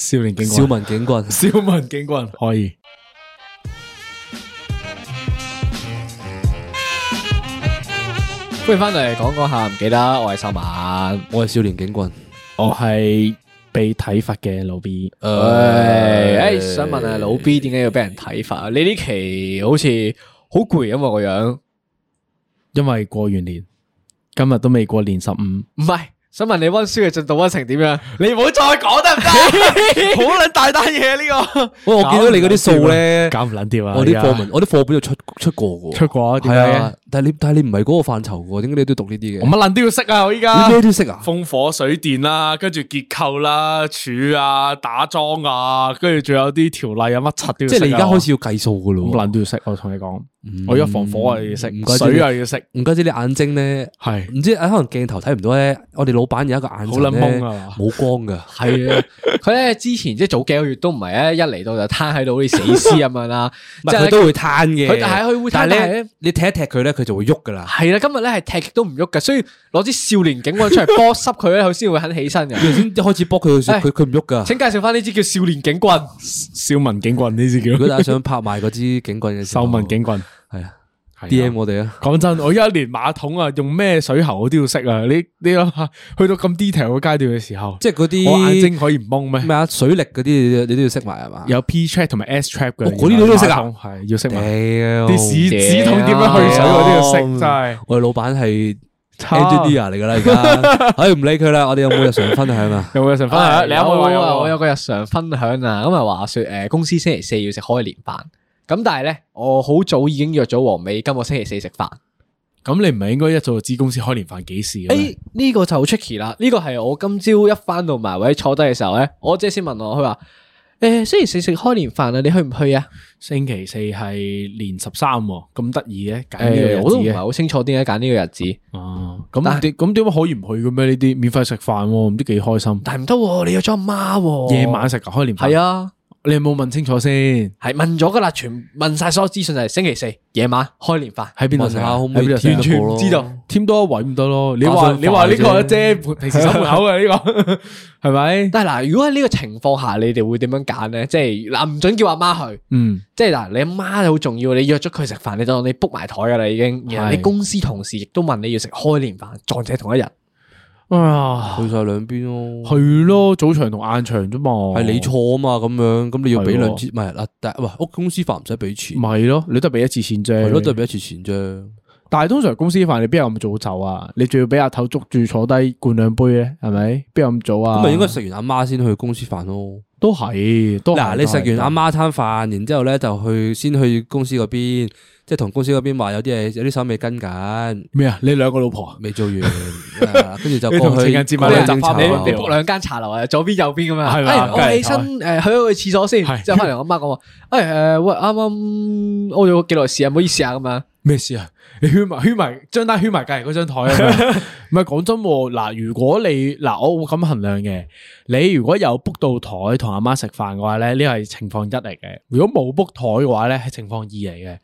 少年警棍，少文警棍， 少文警景棍 可以。歡迎翻嚟，講講下唔記得，我係秀文，我係少年警棍，我係被體罰嘅老 B。誒、哎哎，想問下老 B 點解要俾人體罰啊？你呢期好似好攰啊嘛個樣。因為過完年，今日都未過年十五，唔係。想問你溫書嘅進度溫成點樣？ 你唔 好再講得唔得？好卵大單嘢呢個！我我見到你嗰啲數咧，搞唔撚掂呀我的！我啲課我啲課本又出出過出過啊？係但係你但係你唔係嗰個範疇嘅，點解你都讀呢啲嘅？我乜爛都要識啊！我依家，你咩都要識啊？防火水電啦，跟住結構啦、柱啊、打樁啊，跟住仲有啲條例啊，乜柒都要識。即係你而家開始要計數嘅咯。我爛都要識，我同你講，我要防火啊，要識，水又要識。唔怪之你啲眼睛咧，係唔知可能鏡頭睇唔到咧。我哋老闆有一個眼睛咧，冇光嘅。係啊，佢咧之前即係早幾個月都唔係啊，一嚟到就癱喺度好似死屍咁樣啦。即係佢都會癱嘅。但係佢會癱。但係咧，你踢一踢佢咧。佢就會喐噶啦，係啦，今日咧係踢極都唔喐嘅，所以攞支少年警棍出嚟幫濕佢咧，佢先 會肯起身嘅。原先一開始幫佢，佢唔喐噶。請介紹翻呢支叫少年警棍，少文 警棍呢支叫。佢係想拍埋嗰支警棍嘅時候。少 文警棍，係啊。DM 我哋啊，講真，我而家連馬桶啊用咩水喉我都要識啊！你你去到咁 detail 嘅階段嘅時候，即係嗰啲我眼睛可以唔蒙咩？咩啊，水力嗰啲你都要識埋係嘛？有 P trap 同埋 S trap 嗰啲我都識啊，係要識埋啲屎屎桶點樣去水我都要識。我哋老闆係 engineer 嚟噶啦，而家唉唔理佢啦，我哋有冇日常分享啊？有冇日常分享？我有我有個日常分享啊！咁啊，話說誒，公司星期四要食開年飯。咁但係咧，我好早已經約咗黃尾，今個星期四食飯。咁你唔係應該一早就知公司開年飯幾時？誒，呢個就好出奇啦！呢個係我今朝一翻到埋位坐低嘅時候咧，我姐先問我佢話：誒、欸，星期四食開年飯啊？你去唔去啊？星期四係年十三，咁得意嘅，揀呢個日子唔係好清楚點解揀呢個日子。哦、啊，咁咁點解可以唔去嘅咩？呢啲免費食飯，唔知幾開心。但係唔得，你約咗阿媽，夜晚食開年係啊。你有冇問清楚先？係問咗噶啦，全問晒所有資訊，就係星期四夜晚開年飯，喺邊度食下？完全唔知道，添多一位唔得咯。你話，你話呢個即係平時守門口嘅呢個係咪？但係嗱，如果喺呢個情況下，你哋會點樣揀咧？即係嗱，唔准叫阿媽去，嗯，即係嗱，你阿媽好重要，你約咗佢食飯，你就你 book 埋台噶啦已經。然後你公司同事亦都問你要食開年飯，撞正同一日。啊！去晒兩邊咯，係咯，早場同晏場啫嘛，係你錯啊嘛咁樣，咁你要俾兩支，唔係啊，但喂屋公司飯唔使俾錢，唔係咯，你都俾一次錢啫，係咯，都俾一次錢啫。但係通常公司飯你邊有咁早走啊？你仲要俾阿頭捉住坐低灌兩杯咧，係咪？邊有咁早啊？咁咪應該食完阿媽先去公司飯咯，都係。嗱，你食完阿媽餐飯，然之後咧就去先去公司嗰邊。即係同公司嗰邊話有啲嘢，有啲手尾未跟緊。咩啊？你兩個老婆未做完，跟住就講佢。你執鋪你 book 兩間茶樓啊？左邊右邊咁啊？係我起身誒去去廁所先，之後翻嚟阿媽講話，誒誒，啱啱 book 咗幾台事啊，唔好意思啊咁樣。咩事啊？圈埋圈埋，張單圈埋隔籬嗰張台啊？唔係講真，嗱，如果你嗱，我會咁衡量嘅，你如果有 book 到台同阿媽食飯嘅話咧，呢個係情況一嚟嘅；如果冇 book 台嘅話咧，係情況二嚟嘅。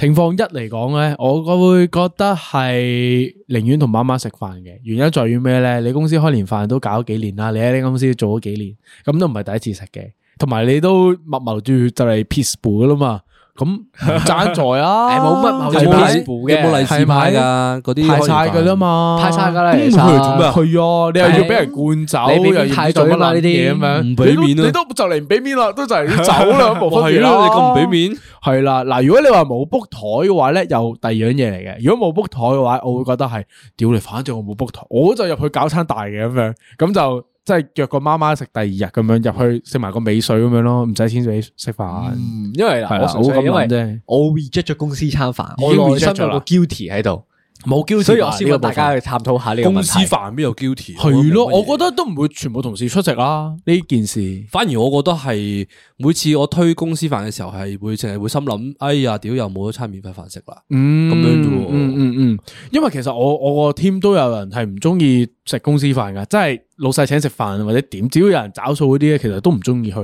情況一嚟講咧，我我會覺得係寧願同媽媽食飯嘅原因在於咩咧？你公司開年飯都搞咗幾年啦，你喺你公司做咗幾年，咁都唔係第一次食嘅，同埋你都密謀住就嚟 peaceful 啦嘛。咁賺財啊！冇乜，係咪有冇利是買噶？嗰啲太差噶啦嘛，太差噶啦！咁佢嚟做咩啊？係啊，你又要俾人灌酒，又要做乜爛嘢咁樣？唔俾面你都就嚟唔俾面啦，都就嚟走兩步翻啦！你咁唔俾面，係啦嗱。如果你話冇 book 台嘅話咧，又第二樣嘢嚟嘅。如果冇 book 台嘅話，我會覺得係，屌你，反正我冇 book 台，我就入去搞餐大嘅咁樣，咁就。即係約個媽媽食第二日咁樣，入去食埋個尾水咁樣咯，唔使錢俾食飯。因為係好咁諗啫，的我，我 reject 咗公司餐飯，我內心有個 guilty 喺度，冇 guilty，所以我先問大家去探討下呢個公司飯邊有 guilty？係咯、嗯，我覺得都唔會全部同事出席啦。呢件事，反而我覺得係每次我推公司飯嘅時候，係會淨係會心諗，哎呀，屌又冇咗餐免費飯食啦，咁樣嘅。嗯嗯嗯，嗯，因為其實我我個 team 都有人係唔中意。食公司飯噶，真係老細請食飯或者點，只要有人找數嗰啲咧，其實都唔中意去，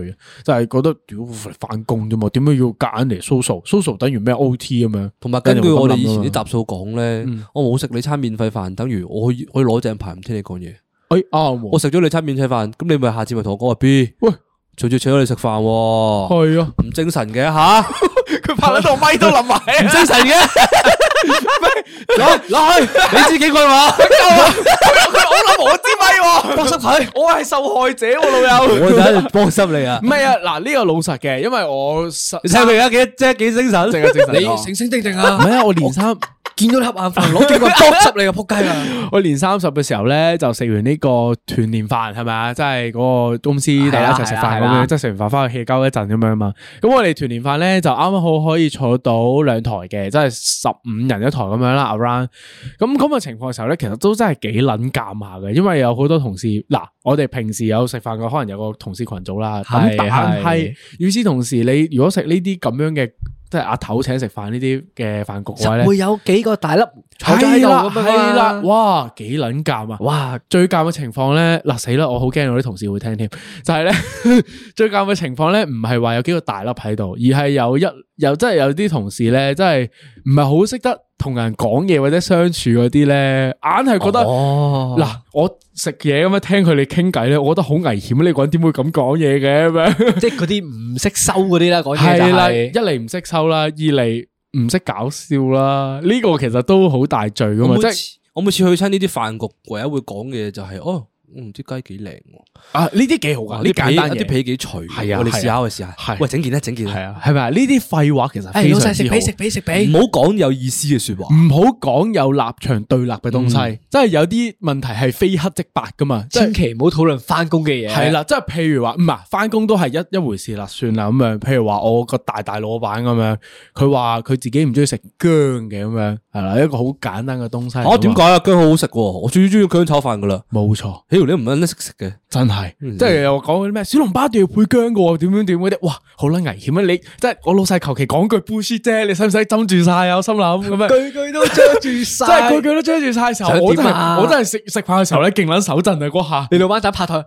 就係、是、覺得屌、呃，返工啫嘛，點解要夾硬嚟 social？social 等於咩 OT 咁樣？同埋根據我哋以前啲搭數講咧，嗯、我冇食你餐免費飯，等於我可以攞正牌唔聽你講嘢。哎啊，啊啊我食咗你餐免費飯，咁你咪下次咪同我講個 B。喂，除咗請咗你食飯，係啊，唔精神嘅吓，佢 拍喺度咪都諗埋，唔 精神嘅。 唔係，落去， 你知幾句話？我諗我知咪，放心睇，我係受害者，我老友。我真係放心你啊！唔係啊，嗱、這、呢個老實嘅，因為我實，你睇下而家幾即係幾精神，靜精神你醒醒定定啊！唔係 啊，我年三。見到你黑眼瞓，攞 幾個刀執 你個仆街啦！ 我年三十嘅時候咧，就食完呢個團年飯，係咪啊？即係嗰個公司大家一齊食飯咁樣，即係食完飯翻去歇鳩一陣咁樣嘛。咁我哋團年飯咧就啱啱好可以坐到兩台嘅，即係十五人一台咁樣啦。Around 咁咁嘅情況嘅時候咧，其實都真係幾撚尷下嘅，因為有好多同事嗱，我哋平時有食飯嘅，可能有個同事群組啦。咁但係與此同時，你如果食呢啲咁樣嘅。即係阿頭請食飯呢啲嘅飯局嘅話咧，會有幾個大粒。係啦，係啦，哇，幾撚尷啊！哇，最尷嘅情況咧，嗱死啦，我好驚我啲同事會聽添。就係、是、咧，最尷嘅情況咧，唔係話有幾個大粒喺度，而係有一又真係有啲同事咧，真係唔係好識得同人講嘢或者相處嗰啲咧，硬係覺得嗱、哦哦哦哦，我食嘢咁樣聽佢哋傾偈咧，我覺得好危險。你呢個人點會咁講嘢嘅？ 即係嗰啲唔識收嗰啲啦，講嘢就係、一嚟唔識收啦，二嚟。唔識搞笑啦，呢、這個其實都好大罪㗎嘛，即係我，就是、我每次去親呢啲飯局，唯一會講嘅嘢就係、是、哦。唔知雞幾靚喎！啊，呢啲幾好噶，呢簡單嘢，啲皮幾脆，係啊，我哋試下我試下，係喂整件咧，整件係啊，係咪啊？呢啲廢話其實係老細食皮食皮食皮，唔好講有意思嘅說話，唔好講有立場對立嘅東西，真係有啲問題係非黑即白噶嘛，千祈唔好討論翻工嘅嘢。係啦，即係譬如話唔係翻工都係一一回事啦，算啦咁樣。譬如話我個大大老闆咁樣，佢話佢自己唔中意食薑嘅咁樣。係啦，一個好簡單嘅東西。吓，點解啊？薑好好食嘅，我最中意薑炒飯噶啦。冇錯錯，咦、哎，你唔撚識食嘅，真係的，嗯、即係又講嗰啲咩小籠包都要配薑嘅，點樣點嗰啲，哇，好撚危險啊！你即係我老細求其講句半截啫，你使唔使斟住晒啊？我心諗咁樣句句， 句句都斟住，晒 時！啊、真係句句都斟住晒時候，我真係我真係食食飯嘅時候咧，勁捻手震啊嗰下。你老闆仔拍台。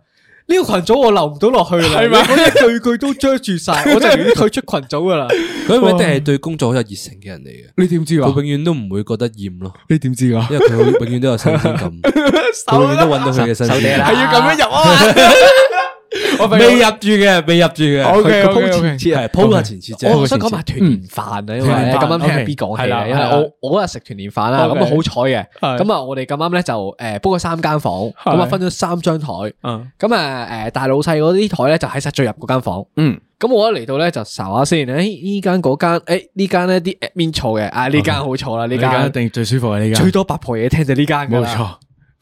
呢個群組我留唔到落去啦，嗎我一句句都遮住晒，我就要退出群組噶啦。佢一定係對工作好有熱誠嘅人嚟嘅？你點知啊？佢永遠都唔會覺得厭咯。你點知啊？因為佢永遠都有新鮮感，永遠都搵到佢嘅新鮮，係 要咁樣入啊！ 未入住嘅，未入住嘅。OK OK，係鋪嘅前設，我想講埋團年飯啊，因為咁啱聽 B 講嘅，係啦，因為我我日食團年飯啦，咁啊好彩嘅，咁啊我哋咁啱咧就誒鋪過三間房，咁啊分咗三張台，咁啊誒大老細嗰啲台咧就喺最入嗰間房，嗯，咁我一嚟到咧就查下先，誒呢間嗰間，誒呢間咧啲面嘈嘅，啊呢間好嘈啦，呢間一定最舒服係呢間，最多八婆嘢聽就呢間冇錯。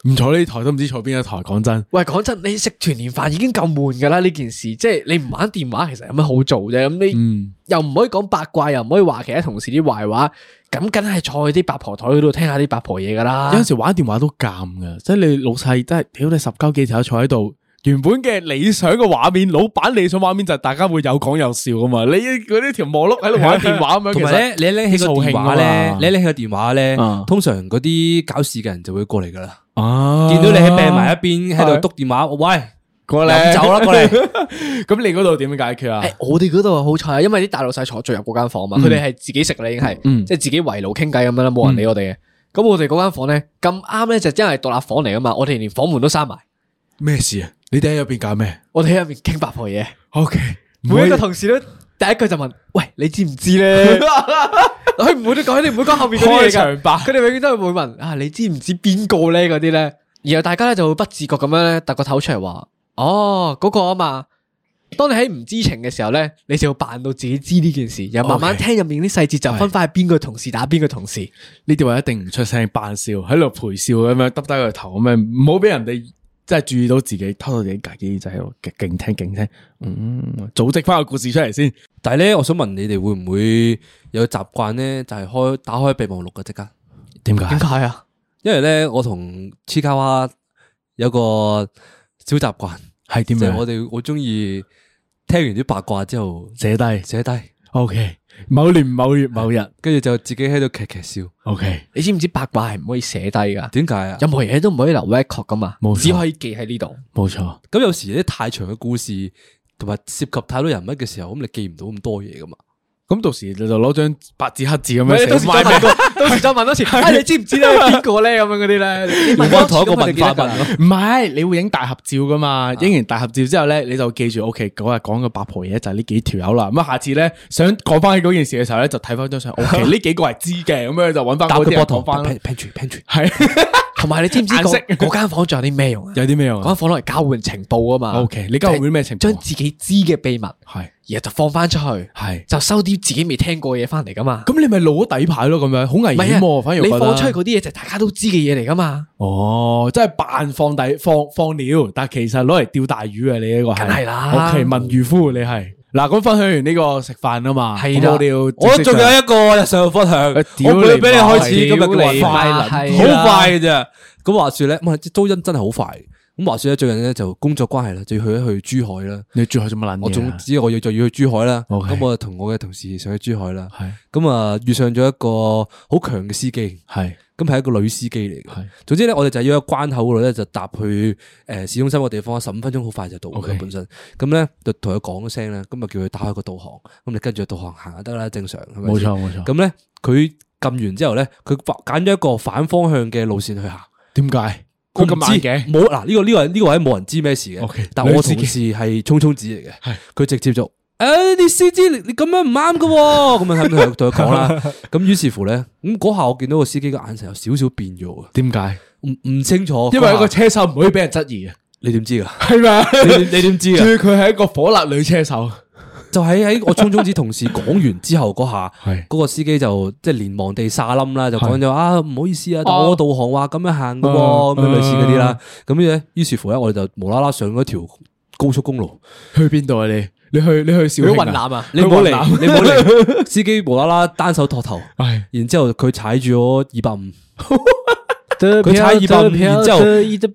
唔坐呢台都唔知坐邊一台，講真。喂，講真，你食團年飯已經夠悶噶啦，呢件事，即係你唔玩電話，其實有乜好做啫？咁、嗯、你又唔可以講八卦，又唔可以話其他同事啲壞話，咁梗係坐喺啲八婆台度聽下啲八婆嘢噶啦。有陣時玩電話都尷噶，即係你老細真係，屌你十鳩幾條坐喺度，原本嘅理想嘅畫面，老闆理想畫面就係大家會有講有笑噶嘛。你嗰啲條毛碌喺度玩電話咁樣，同埋 呢你拎起個電話咧，嗯、你拎起個電話咧，嗯、通常嗰啲搞事嘅人就會過嚟噶啦。見到你喺病埋一邊喺度督電話，喂，過嚟，走啦，過嚟。咁你嗰度點解決啊？我哋嗰度好彩，因為啲大老細坐最入嗰間房啊嘛，佢哋係自己食啦，已經係，即係自己圍爐傾偈咁樣啦，冇人理我哋嘅。咁我哋嗰間房咧咁啱咧就真係獨立房嚟啊嘛，我哋連房門都閂埋。咩事啊？你哋喺入邊搞咩？我哋喺入邊傾八婆嘢。OK，每一個同事都。第一句就問：喂，你知唔知咧？佢唔 會都講，佢唔會講後面啲嘢嘅？佢哋永遠都係會問：啊，你知唔知邊個咧？嗰啲咧，然後大家咧就會不自覺咁樣咧，突個頭出嚟話：哦，嗰、嗰個啊嘛。當你喺唔知情嘅時候咧，你就要扮到自己知呢件事，又慢慢聽入面啲細節，okay, 就分翻係邊個同事打邊個同事。你哋的話一定唔出聲扮笑，喺度陪笑咁樣耷低個頭，咁樣唔好俾人哋。即係注意到自己偷到自己住耳仔，喺度勁聽勁聽。嗯，組織翻個故事出嚟先。但係咧，我想問你哋會唔會有習慣咧？就係開打開備忘錄嘅即刻。點解？點解啊？因為咧，我同 Chikawa 有個小習慣係點樣？我哋我中意聽完啲八卦之後寫低寫低。OK。Okay. 某年某月某日，跟住 就自己喺度劇劇笑。OK，你知唔知八卦係唔可以寫低噶？點解啊？任何嘢都唔可以留 record 噶嘛，冇錯。只可以記喺呢度。冇錯錯。咁有時啲太長嘅故事同埋涉及太多人物嘅時候，咁你記唔到咁多嘢噶嘛？咁到時你就攞張白字黑字咁樣，唔係，到時再問多次，啊你知唔知咧？邊個咧？咁樣嗰啲咧，用關同一個文化嘅。唔係， 你會影大合照噶嘛？影、啊、完大合照之後咧，你就記住，O K，嗰日講嘅八婆嘢就係呢幾條友啦。咁啊，下次咧想講翻起嗰件事嘅時候咧，就睇翻張相，O K，呢幾個係知嘅，咁樣就揾翻嗰啲嚟講翻。係。 同埋你知唔知嗰嗰間房仲有啲咩用啊？ 有啲咩啊？嗰間房攞嚟交換情報啊嘛。O、okay, K，你交換啲咩情？將自己知嘅秘密係，是然後就放翻出去，係是就收啲自己未聽過嘢翻嚟噶嘛。咁你咪攞底牌咯，咁樣好危險啊。啊我反而你放出嗰啲嘢就大家都知嘅嘢嚟噶嘛。哦，即係扮放底放放料，但其實攞嚟釣大魚啊！Okay, 魚你呢個係係啦，k 文漁夫你係。嗱，咁分享完呢個食飯啊嘛，無聊，我仲有一個日常分享，我準備俾你開始今日嘅快，好快嘅啫。咁話說咧，咁啊，租金真係好快。咁話說咧，最近咧就工作關係啦，就要去一去珠海啦。你去珠海做乜捻？我仲只我要就要去珠海啦。咁我啊同我嘅同事上去珠海啦。咁啊遇上咗一個好強嘅司機。咁係一個女司機嚟嘅，總之咧，我哋就要喺關口嗰度咧，就搭去誒市中心個地方，十五分鐘好快就到嘅本身。咁咧就同佢講聲咧，咁啊叫佢打開個導航，咁你跟住個導航行就得啦，正常。冇錯冇錯。咁咧佢撳完之後咧，佢揀咗一個反方向嘅路線去行何。點解？佢咁知嘅？冇、這、嗱、個？呢、呢個呢、呢個呢、呢個位冇人知咩事嘅。OK，但我同事係聰聰子嚟嘅，係佢直接就。誒，啲司機你你咁樣唔啱噶，咁啊，對佢講啦。咁於是乎咧，咁嗰下我見到個司機個眼神有少少變咗啊。點解？唔唔清楚，因為個車手唔可以俾人質疑啊。你點知噶？係嘛？你點知啊？所以佢係一個火辣女車手。就喺喺我匆匆子同事講完之後嗰下，嗰個司機就即係連忙地沙冧啦，就講咗：「啊唔好意思啊，我導航話咁樣行噶喎。」咁樣類似嗰啲啦。咁咧，於是乎咧，我哋就無啦啦上咗條高速公路去邊度啊？你？你去你去少去雲南啊？你唔好嚟，你唔好嚟。司機無啦啦單手托頭， 然之後佢踩住咗二百五。 佢踩二百五，然之後，喺嗰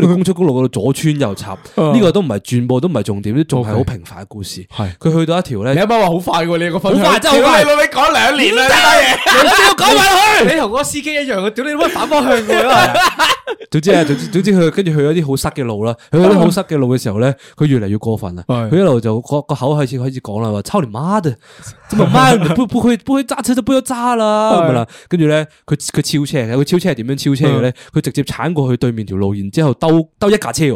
條高速公路嗰度左穿右插，呢個都唔係轉播，都唔係重點，啲仲係好平凡嘅故事。係佢去到一條咧，你阿媽話好快嘅，你個粉花真係好快，你咪講兩年啦，真係，你知要趕翻去？你同嗰個司機一樣屌你都乜反方向嘅。總之，總之，總之，佢跟住去咗啲好塞嘅路啦。去到啲好塞嘅路嘅時候咧，佢越嚟越過分啊。佢一路就個個口開始開始講啦，話操你媽咁 啊哈哈，唔佢背佢揸車就背咗揸啦，係啦是？跟住咧，佢佢超車佢超車係點樣超車嘅咧？佢、uh. 直接鏟過去對面條路，然之後兜兜一架車，車，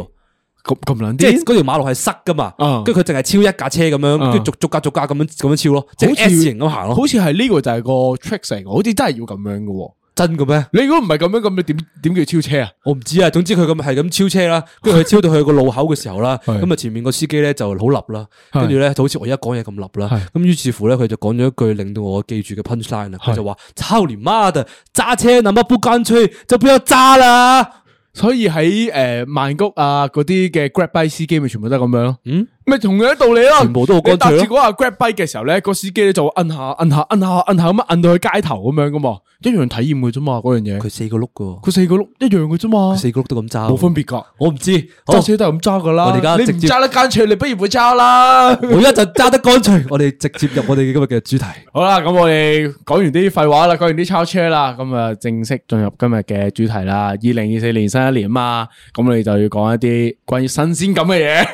咁咁難啲，即係嗰條馬路係塞噶嘛，跟住佢淨係超一架車咁樣，跟住逐逐架逐架咁樣咁樣超咯，即係 S,、uh. S, S 型咁行咯，好似係呢個就係個 trick 好似真係要咁樣嘅。真嘅咩？你如果唔係咁樣，咁你點點叫超車啊？我唔知啊，總之佢咁係咁超車啦，跟住佢超到去個路口嘅時候啦，咁啊 是的 前面個司機咧就，是的 就好笠啦，跟住咧就好似我而家講嘢咁笠啦，咁於是乎咧佢就講咗一句令到我記住嘅 punchline 啊是的，佢就話：操你媽的，揸車那麼不乾脆就俾我揸啦！所以喺誒、呃、曼谷啊嗰啲嘅 grabby 司機咪全部都係咁樣咯。嗯咪同樣道理咯。全部都好乾脆，你搭住嗰 grab bike 嘅時候咧，個司機咧就會按下按下摁下摁下咁樣，按到去街頭咁樣噶嘛，一樣體驗嘅啫嘛，嗰樣嘢。佢四個轆噶，佢四個轆一樣嘅啫嘛，四個轆都咁揸，冇分別噶，我唔知揸車都係咁揸噶啦。你直接揸得乾脆，你不如唔揸啦。我一陣揸得乾脆， 我哋直接入我哋今日嘅主題。 好啦，咁我哋講完啲廢話啦，講完啲抄車啦，咁啊，正式進入今日嘅主題啦。二零二四年新一年啊嘛，咁你就要講一啲關於新鮮感嘅嘢，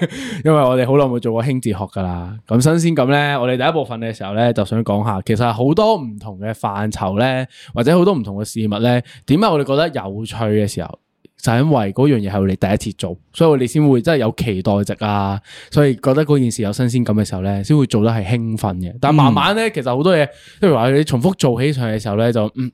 因為我哋好好耐冇做過輕哲學噶啦，咁新鮮感咧，我哋第一部分嘅時候咧，就想講下，其實好多唔同嘅範疇咧，或者好多唔同嘅事物咧，點解我哋覺得有趣嘅時候，就係、因為嗰樣嘢係我哋第一次做，所以我哋先會真係有期待值啊，所以覺得嗰件事有新鮮感嘅時候咧，先會做得係興奮嘅。但慢慢咧，嗯、其實好多嘢，譬如話你重複做起上嘅時候咧，就嗯，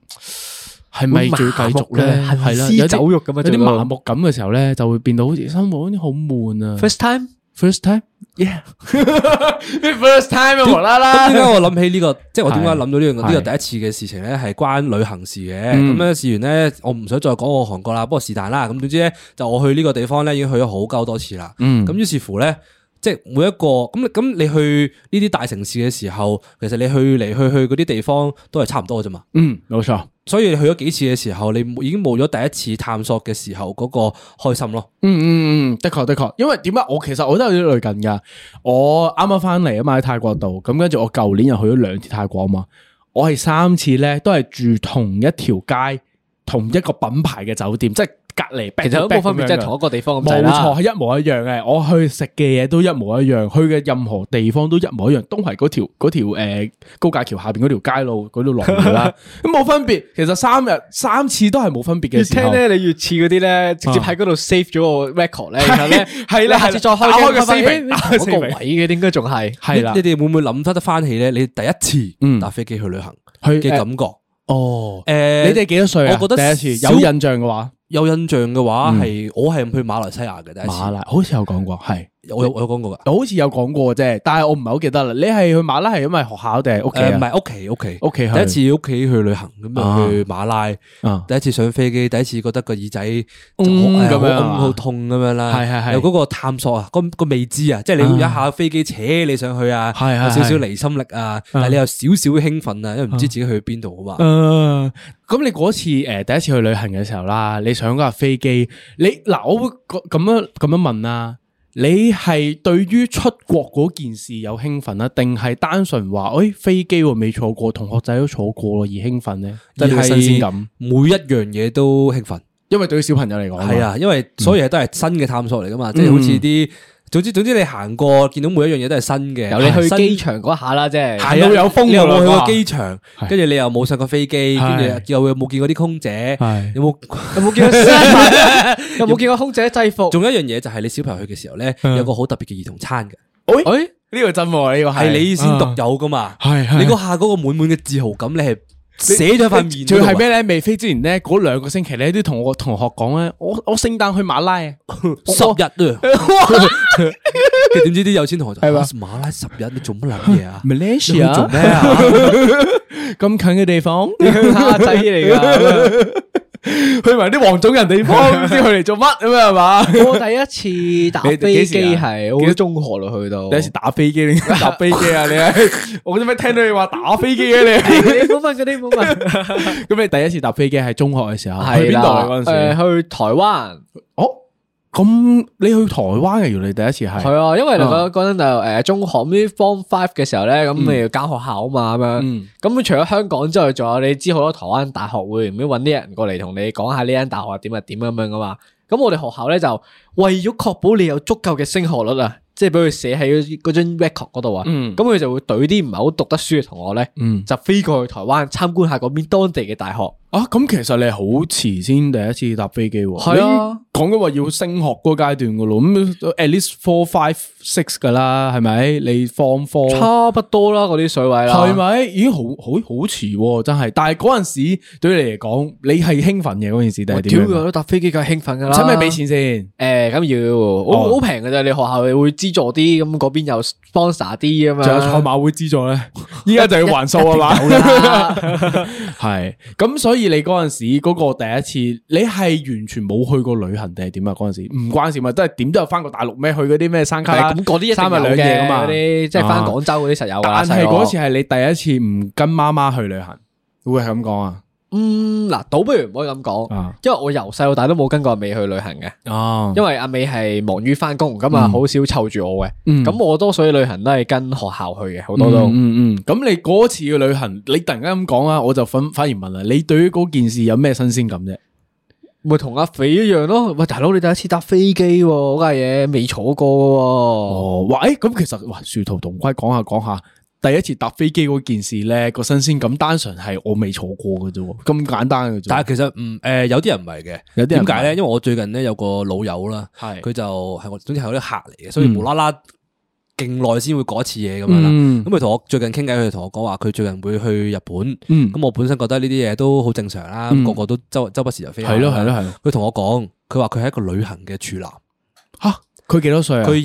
係咪要繼續咧？係啦，走肉，有啲麻木感嘅時候咧，就會變到好似生活好似好悶啊。First time，first time。Yeah，first time 無啦啦為。點解 我諗起呢、這個？即係我點解諗到呢個？呢是個第一次嘅事情咧，係關旅行事嘅。咁咧、嗯，事完咧，我唔想再講我韓國啦。不過是但啦。咁總之咧，就我去呢個地方咧，已經去咗好夠多次啦。嗯。咁於是乎咧，即係每一個咁咁，你去呢啲大城市嘅時候，其實你去嚟去去嗰啲地方都係差唔多啫嘛。嗯，冇錯。所以去咗幾次嘅時候，你已經冇咗第一次探索嘅時候嗰個開心咯。嗯。嗯嗯嗯，的確的確，因為點解？我其實我都有啲類近噶。我啱啱翻嚟啊嘛，喺泰國度，咁跟住我舊年又去咗兩次泰國啊嘛。我係三次咧，都係住同一條街，同一個品牌嘅酒店，即係。隔籬，其實都冇分別，即係同一個地方咁滯啦。冇錯，係一模一樣嘅。我去食嘅嘢都一模一樣，去嘅任何地方都一模一樣，都係嗰條條誒高架橋下邊嗰條街路嗰度落去啦。咁冇分別，其實三日三次都係冇分別嘅。聽咧，你越似嗰啲咧，直接喺嗰度 save 咗個 record 咧，然後咧係啦，下次再開開個 save 嗰個位嘅，應該仲係係啦。你哋會唔會諗得得翻起咧？你第一次嗯搭飛機去旅行嘅感覺哦，誒，你哋幾多歲啊？我覺得第一次有印象嘅話。有印象嘅話係我係去馬來西亞嘅第一次，馬拉好似有講過，係我我有講過噶，好似有講過啫，但係我唔係好記得啦。你係去馬拉係因為學校定係屋企啊？唔係屋企，屋企屋企第一次屋企去旅行咁啊，去馬拉，第一次上飛機，第一次覺得個耳仔咁好痛咁樣啦。係係係有嗰個探索啊，嗰個未知啊，即係你一下飛機扯你上去啊，有少少離心力啊，但係你有少少興奮啊，因為唔知自己去邊度啊嘛。咁你嗰次誒第一次去旅行嘅時候啦，你上嗰架飛機，你嗱我咁樣咁樣問啊，你係對於出國嗰件事有興奮啊，定係單純話，誒、哎、飛機未坐過，同學仔都坐過而興奮呢？而係新鮮感，每一樣嘢都興奮，因為對於小朋友嚟講係啊，因為所有嘢都係新嘅探索嚟噶嘛，即係、嗯、好似啲。總之總之，你行過見到每一樣嘢都係新嘅。由你去機場嗰下啦，即係行到有風，你有冇去過機場？跟住你又冇上過飛機，跟住又會冇見過啲空姐。有冇有冇見過？有冇見過空姐制服？仲有一樣嘢就係你小朋友去嘅時候咧，有個好特別嘅兒童餐嘅。哎哎，呢個真喎，呢個係你先獨有噶嘛。係你嗰下嗰個滿滿嘅自豪感，你係。寫咗份面，仲要係咩咧？未飛之前咧，嗰兩個星期咧，都同我同學講咧，我我聖誕去馬拉我十日啊！佢點 知啲有錢同學就係話嗎馬拉十日，你做乜諗嘢啊 Malaysia 做咩啊？咁 近嘅地方，你鄉下仔嚟噶。去埋啲黃種人地方，唔知佢嚟做乜咁樣係嘛？我第一次搭飛機係我記得中學落去到？第一次打飛機搭飛機啊！你我點咩聽到你話打飛機嘅你？你唔好問嗰啲，唔好問。咁你第一次搭飛機係中學嘅時候，去邊度嗰陣時？誒，去台灣哦。咁你去台灣嘅原來第一次係係啊，因為嗰嗰陣就誒中學啲、啊、form five 嘅時候咧，咁你、嗯、要交學校啊嘛咁樣。咁、嗯、除咗香港之外，仲有你知好多台灣大學會唔會搵啲人過嚟同你講下呢間大學點啊點咁樣噶嘛。咁我哋學校咧就為咗確保你有足夠嘅升學率啊，即係俾佢寫喺嗰嗰張 record 嗰度啊。咁佢、嗯、就會懟啲唔係好讀得書嘅同學咧，嗯、就飛過去台灣參觀下嗰邊當地嘅大學。啊，咁其實你好遲先第一次搭飛機喎。係啊。講嘅話要升學嗰個階段噶咯，咁 at least four five six 噶啦，係咪？你放 o 差不多啦，嗰啲水位啦，係咪？已經好好好遲，真係。但係嗰陣時對你嚟講，你係興奮嘅嗰件事，係點？我搭飛機梗係興奮噶啦。使咪俾錢先？誒，咁要，我好平嘅啫。你學校會資助啲，咁嗰邊又 s p 啲啊嘛。仲有賽馬會資助咧？依家就要還數啊嘛。係，咁所以你嗰陣時嗰個第一次，你係完全冇去過旅行。定係點啊？嗰陣時唔關事，咪都係點都有翻過大陸咩？去嗰啲咩山卡咁嗰啲三日兩夜嘅嘛，啲即係翻廣州嗰啲實有。但係嗰次係你第一次唔跟媽媽去旅行，會係咁講啊？啊嗯，嗱，倒不如唔可以咁講，啊、因為我由細到大都冇跟過阿美去旅行嘅。哦、啊，因為阿美係忙於翻工，咁啊好少湊住我嘅。嗯，咁我，、嗯、我多數去旅行都係跟學校去嘅，好多都。嗯嗯。咁、嗯嗯嗯、你嗰次去旅行，你突然間咁講啊，我就反反而問啦，你對於嗰件事有咩新鮮感啫？咪同阿肥一樣咯，喂，大佬你第一次搭飛機喎，家嘢未坐過喎。哦，喂、欸，咁其實，喂，殊途同歸，講下講下，第一次搭飛機嗰件事咧，個新鮮感單純係我未坐過嘅啫，咁簡單嘅。但係其實唔，誒、嗯呃，有啲人唔係嘅，有啲人點解咧？因為我最近咧有個老友啦，係佢是就係我，總之係有啲客嚟嘅，所以無啦啦。勁耐先會嗰次嘢，咁樣啦，咁佢同我最近傾偈，佢同我講話佢最近會去日本，咁、嗯、我本身覺得呢啲嘢都好正常啦，嗯、個個都周周不時就飛，係咯係咯係咯，佢同我講，佢話佢係一個旅行嘅處男。吓，佢幾多歲啊？佢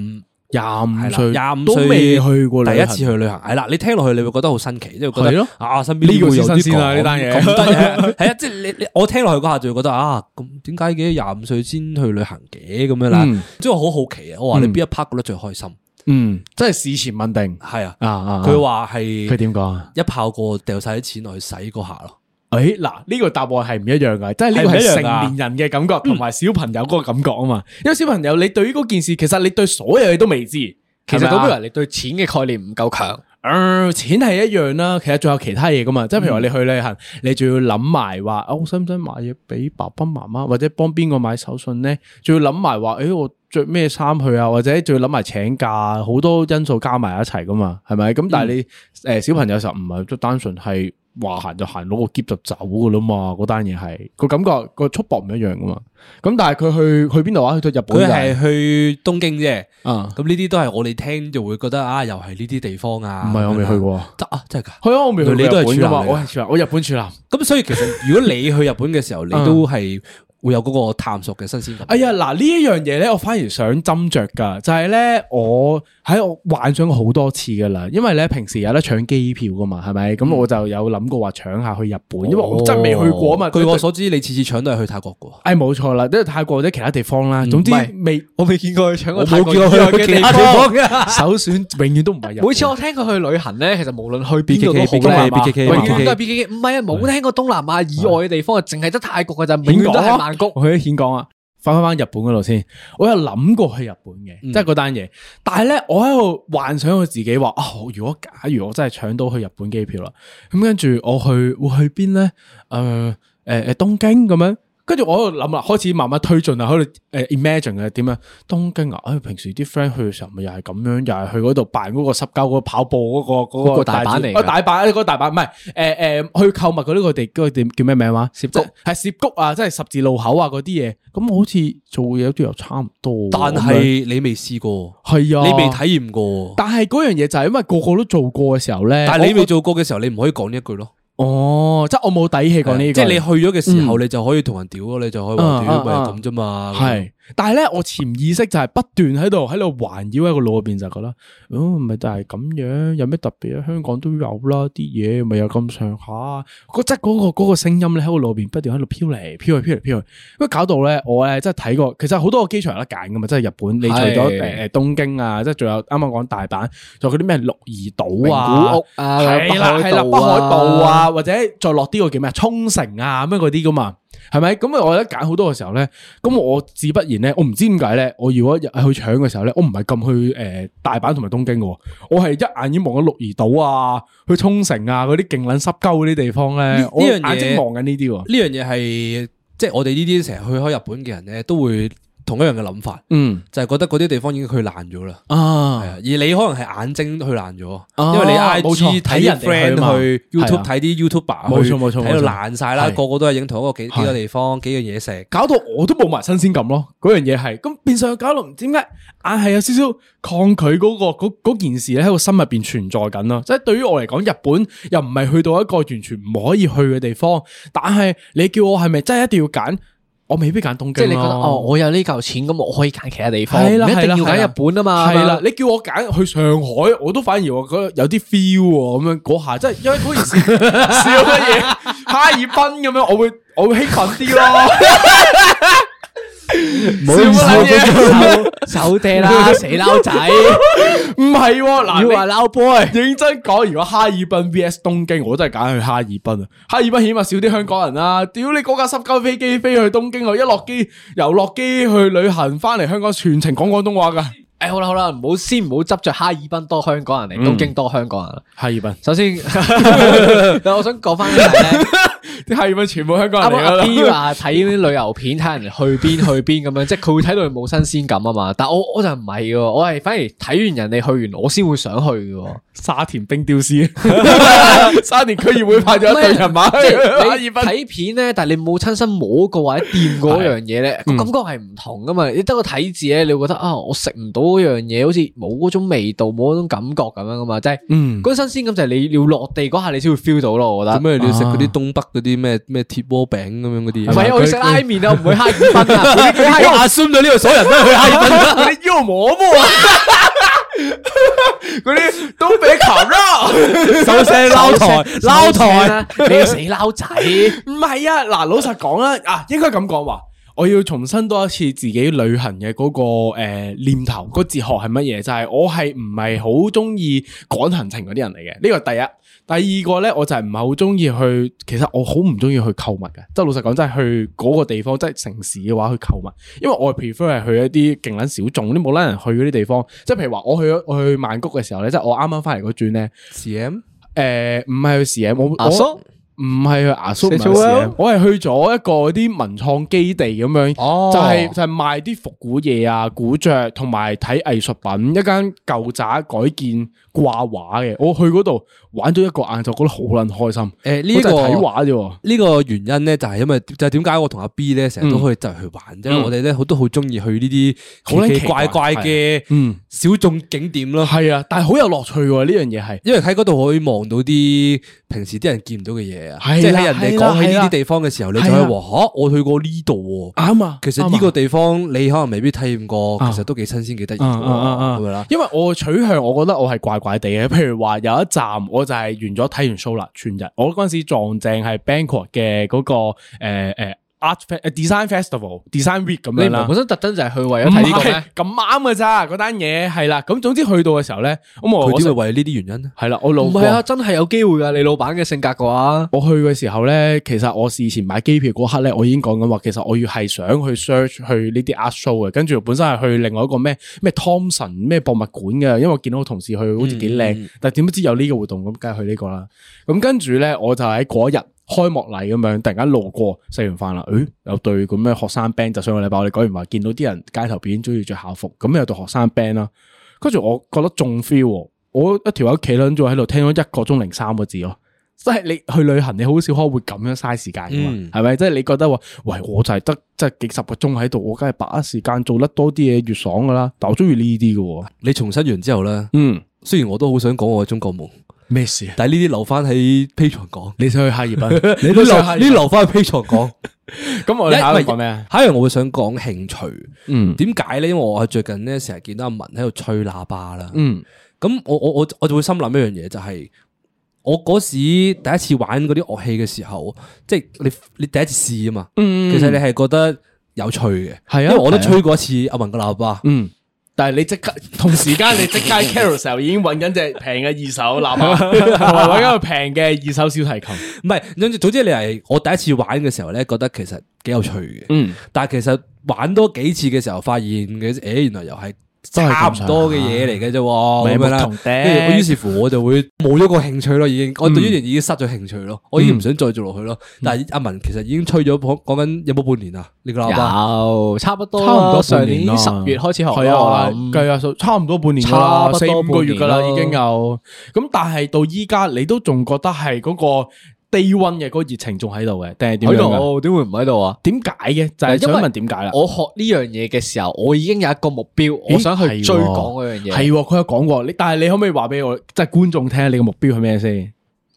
廿五。廿五歲，廿五歲都未去過第一次去旅行，係啦。你聽落去你會覺得好新奇，即係覺得啊，身邊呢個好新鮮啊，呢單嘢咁得意。係啊，即係你你我聽落去嗰下就會覺得的啊，咁點解嘅廿五歲先去旅行嘅咁樣啦？即係我好好奇啊！我話你邊一 part 覺得最開心？嗯，即、嗯、係事前穩定係的啊，佢話係佢點講啊？一炮過，掉晒啲錢落去使嗰下咯。喂，嗱呢、哎這個答案係唔一樣噶，即係呢個係成年人嘅感覺，同埋小朋友嗰個感覺啊嘛。嗯、因為小朋友你對於嗰件事，其實你對所有嘢都未知。其實嗰邊人你對錢嘅概念唔夠強。呃、錢係一樣啦，其實仲有其他嘢噶嘛。即係譬如話你去旅行，你仲要諗埋話，我使唔使買嘢俾爸爸媽媽，或者幫邊個買手信咧？仲要諗埋話，誒、哎、我着咩衫去啊？或者仲要諗埋請假，好多因素加埋一齊噶嘛？係咪？咁但係你誒、嗯呃、小朋友時候唔係單純係。話行就行，攞個篋就走噶啦嘛。嗰單嘢係個感覺個束縛唔一樣噶嘛。咁但係佢去去邊度啊？去日本、就是。佢係去東京啫。啊、嗯，咁呢啲都係我哋聽就會覺得啊，又係呢啲地方啊。唔係是，吧我未去過。得啊，真係噶。係啊，我未去。你都係處男？處男我係處男。我日本處男。咁所以其實如果你去日本嘅時候，你都係。會有嗰個探索嘅新鮮感。哎呀，嗱呢一樣嘢咧，我反而想斟酌噶，就係咧我喺我幻想過好多次噶啦，因為咧平時有得搶機票噶嘛，係咪？咁我就有諗過話搶下去日本，因為我真係未去過啊嘛。據我所知，你次次搶都係去泰國噶。哎，冇錯啦，即係泰國或者其他地方啦。總之未，我未見過去搶過泰國嘅地方。首選永遠都唔係。每次我聽佢去旅行咧，其實無論去邊度都好咧，係嘛？永遠都係 BKK，唔係啊，冇聽過東南亞以外嘅地方啊，淨係得泰國嘅咋，永遠都係。我去啲演講啊，翻翻翻日本嗰度先，我有諗過去日本嘅，嗯、即係嗰單嘢。但係咧，我喺度幻想我自己話，哦，如果假如我真係搶到去日本機票啦，咁跟住我去會去邊咧？誒誒誒，東京咁樣。跟住我喺度諗啦，開始慢慢推進啦，喺度誒 imagine 嘅點樣東京啊，誒、哎、平時啲 friend 去嘅時候咪又係咁樣，又係去嗰度辦嗰個濕膠、嗰個跑步、嗰個、嗰個個大阪嚟，個大阪，嗰個大阪唔係誒誒去購物嗰啲，我哋嗰個地叫咩名話澀谷？係澀谷啊，即係十字路口啊嗰啲嘢，咁我好似做嘢都又差唔多，但係你未試過，係啊，你未體驗過，但係嗰樣嘢就係因為個個都做過嘅時候咧，但係你未做過嘅時候，你唔可以講呢一句咯。哦，即係我冇底氣講呢個，即你去咗嘅時候、嗯你，你就可以同人屌，你就可以話屌，咪咁啫嘛。係。但係咧，我潛意識就係不斷喺度喺度環繞喺個腦入邊，就覺得唔係咪就係咁樣，有咩特別啊？香港都有啦，啲嘢咪有咁上下，嗰則嗰個嗰個聲音咧喺個腦入邊不斷喺度飄嚟飄去飄嚟飄去，咁搞到咧我咧即係睇過，其實好多個機場有得揀噶嘛，即係日本，你除咗誒東京啊，即係仲有啱啱講大阪，就有啲咩鹿兒島啊、名古屋啊、係啦係啦北海道啊，或者再落啲個叫咩沖繩啊咁樣嗰啲噶嘛。係咪咁啊？我一揀好多嘅時候咧，咁我自不然咧，我唔知點解咧。我如果日去搶嘅時候咧，我唔係咁去誒、呃、大阪同埋東京嘅，我係一眼已經望咗鹿兒島啊，去沖繩啊嗰啲勁撚濕鳩嗰啲地方咧。呢樣嘢，眼睛望緊呢啲。呢樣嘢係即係我哋呢啲成日去開日本嘅人咧，都會。同一樣嘅諗法，嗯，就係覺得嗰啲地方已經去爛咗啦，啊，而你可能係眼睛去爛咗，因為你 I G 睇人 friend 去 YouTube 睇啲 YouTuber 冇錯冇錯，喺度爛晒啦，個個都係影同一個幾幾個地方幾樣嘢食，搞到我都冇埋新鮮感咯。嗰樣嘢係咁變相搞到，唔知點解硬係有少少抗拒嗰個件事咧？喺個心入邊存在緊咯。即係對於我嚟講，日本又唔係去到一個完全唔可以去嘅地方，但係你叫我係咪真係一定要揀？我未必揀東京，即係你覺得哦，我有呢嚿錢咁，我可以揀其他地方，係啦，係啦，係啦，係啦，係啦，你一定要揀日本呀嘛，你叫我揀去上海，我都反而我覺得有啲 feel 咁、哦、樣，嗰下真係因為嗰陣時笑乜嘢哈爾濱咁樣，我會我會興奮啲咯。 唔好做嘢，走嗲啦，死撈仔！唔係，要話撈 boy 認真講，如果哈爾濱 VS 東京，我真係揀去哈爾濱啊！哈爾濱起碼少啲香港人啦。屌你嗰架濕膠飛機飛去東京啊！一落機由落機去旅行翻嚟香港，全程講廣東話噶。誒，好啦好啦，唔好先唔好執着哈爾濱多香港人嚟，東京多香港人啦。哈爾濱，首先，但我想講翻一。啲係咪全部香港人嚟噶啦！啲話睇啲旅遊片，睇 人去邊去邊咁樣，即係佢會睇到佢冇新鮮感啊嘛。但係我我就唔係喎，我係反而睇完人哋去完，我先會想去嘅。沙田冰雕師， 沙田區議會派咗一隊人馬去。睇片咧，但係你冇親身摸過或者掂過嗰的樣嘢咧，感覺係唔同噶嘛。嗯、你得個睇字咧，你會覺得啊，我食唔到嗰樣嘢，好似冇嗰種味道，冇嗰種感覺咁、就是嗯、樣噶嘛。即係嗰新鮮感就係你要落地嗰下你先會 feel 到咯。我覺得。咁樣你食啲東北啲咩咩鐵鍋餅咁樣嗰啲，唔係我要食拉麵啊，唔會揩麵粉啊，阿孫對呢度所有人都會揩，嗰啲肉饃饃啊，嗰啲都畀球肉，收聲，撈台撈台啦，你個死撈仔，唔係啊嗱，老實講啦啊，應該咁講話，我要重新多一次自己旅行嘅嗰個誒念頭，個哲學係乜嘢？就係我係唔係好中意趕行程嗰啲人嚟嘅，呢個第一。第二個呢，我就係唔係好中意去，其實我好唔中意去購物嘅，即、就是、老實講，真係去嗰個地方，即、就、係、是、城市嘅話去購物，因為我 prefer 係去一啲勁撚小眾啲冇乜人去嗰啲地方，即係譬如話我，我去曼谷嘅時候呢，即、就是、我啱啱返嚟嗰轉呢，S M，GM ?誒、呃，唔係去 S M，我。唔係、um、去牙叔我係去咗一個啲文創基地咁樣、哦就是，就係就係賣啲復古嘢啊、古着同埋睇藝術品，一間舊宅改建掛畫嘅。我去嗰度玩咗一個晏，就覺得好捻開心。誒、欸，呢、睇畫啫呢個原因咧，就係、是、因為就係點解我同阿 B 咧成日都可以就入去玩，因為我哋咧好都好中意去呢啲奇奇怪怪嘅小眾景點咯。係、嗯、啊，但係好有樂趣呢樣嘢係，因為喺嗰度可以望到啲平時啲人見唔到嘅嘢。係，即係喺人哋講起呢啲地方嘅時候，你就可以話：吓，我去過呢度啱啊，其實呢個地方你可能未必體驗過，其實都幾新鮮、幾得意噶啦。因為我取向，我覺得我係怪怪地嘅。譬如話有一站，我就係完咗睇完 show 啦，全日我嗰陣時撞正係 Bangkok 嘅嗰個誒誒。design festival，design week 咁樣啦。本身特登就係去為咗睇呢啲。唔係咁啱嘅咋，嗰單嘢係啦。咁總之去到嘅時候咧，咁它 我佢點會為呢啲原因咧？係啦，我老唔係啊，真係有機會噶。你老闆嘅性格嘅話，我去嘅時候咧，其實我是以前買機票嗰刻咧，我已經講緊話，其實我要係想去 search 去呢啲 art show 嘅。跟住本身係去另外一個咩咩湯臣咩博物館嘅，因為我見到同事去好似幾靚，嗯、但係點不知有呢個活動，咁梗係去個呢個啦。咁跟住咧，我就喺嗰日，開幕禮咁樣，突然間路過，食完飯啦，誒、欸、有對咁嘅學生 band 就上個禮拜我哋講完話，見到啲人街頭表演中意着校服。咁、嗯、有對學生 band 啦。跟住我覺得仲 feel，我一條友企緊坐喺度聽咗一個鐘零三個字咯，即係你去旅行你好少可會咁樣嘥時間噶嘛，係咪、嗯？即係你覺得話，喂，我就係得即係幾十個鐘喺度，我梗係把握時間做得多啲嘢越爽噶啦。但我中意呢啲嘅，你重申完之後咧，嗯，雖然我都好想講我嘅中國夢。咩事？但係呢啲留翻喺 Patreon 講。你想去哈葉斌？ 你都想呢？ 留翻喺 Patreon 講。咁 我哋下一個講咩啊？下一個我會想講興趣。嗯，點解咧？因為我係最近咧成日見到阿文喺度吹喇叭啦。嗯，咁我我我我就會心諗一樣嘢，就係、是、我嗰時第一次玩嗰啲樂器嘅時候，即、就、係、是、你你第一次試啊嘛。嗯、其實你係覺得有趣嘅，係啊、嗯，因為我都吹過一次阿文嘅喇叭。嗯。嗯但係你即刻同時間，你即刻 Carousell 時候，已經揾緊隻平嘅二手喇叭、揾緊個平嘅二手小提琴，唔係，總之總之你係我第一次玩嘅時候咧，覺得其實幾有趣嘅。嗯，但係其實玩多幾次嘅時候，發現嘅誒、欸，原來又係。差唔多嘅嘢嚟嘅啫，咁樣啦。跟住，於是乎我就會冇咗個興趣咯。已經，我對呢樣已經失咗興趣咯。我已經唔想再做落去咯。但係阿文其實已經吹咗講講緊有冇半年啊？呢個有差不多，差唔多上年十月開始學啦。計下數差唔多半年啦，四五個月㗎啦已經有。咁但係到依家你都仲覺得係嗰個？Day one 嘅嗰個熱情仲喺度嘅，定係點樣嘅？喺度點會唔喺度啊？點解嘅？就係想問點解啦？我學呢樣嘢嘅時候，我已經有一個目標，我想去追講嗰樣嘢。係佢有講過，但係你可唔可以話俾我，即係觀眾聽下，你嘅目標係咩先？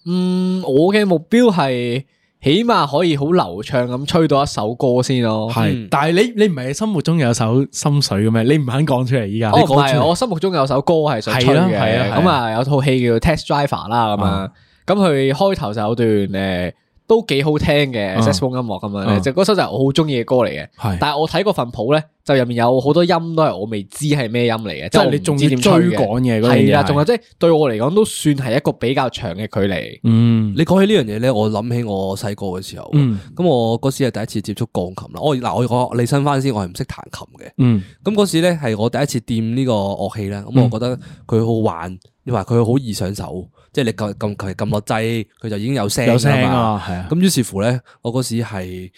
嗯，我嘅目標係起碼可以好流暢咁吹到一首歌先咯。係，但係你你唔係心目中有首心水嘅咩？你唔肯講出嚟依家？我心目中有首歌係想吹嘅。咁啊有套戲叫 Test Driver 啦咁啊。咁佢開頭就有段誒、呃，都幾好聽嘅，Saxophone、啊、音樂咁樣咧，就嗰首就係我好中意嘅歌嚟嘅。但係我睇嗰份譜咧，就入面有好多音都係我未知係咩音嚟嘅，即係你仲要追趕嘅係啦，仲有即係對我嚟講都算係一個比較長嘅距離。嗯，你講起呢樣嘢咧，我諗起我細個嘅時候，咁、嗯、我嗰時係第一次接觸鋼琴啦。我嗱我講你新翻先，我係唔識彈琴嘅。嗯，咁嗰時咧係我第一次掂呢個樂器咧，咁我覺得佢好玩，你話佢好,好易上手。即係你撳撳撳落掣，佢就已經有聲啦。係啊，咁於是乎咧，我嗰時係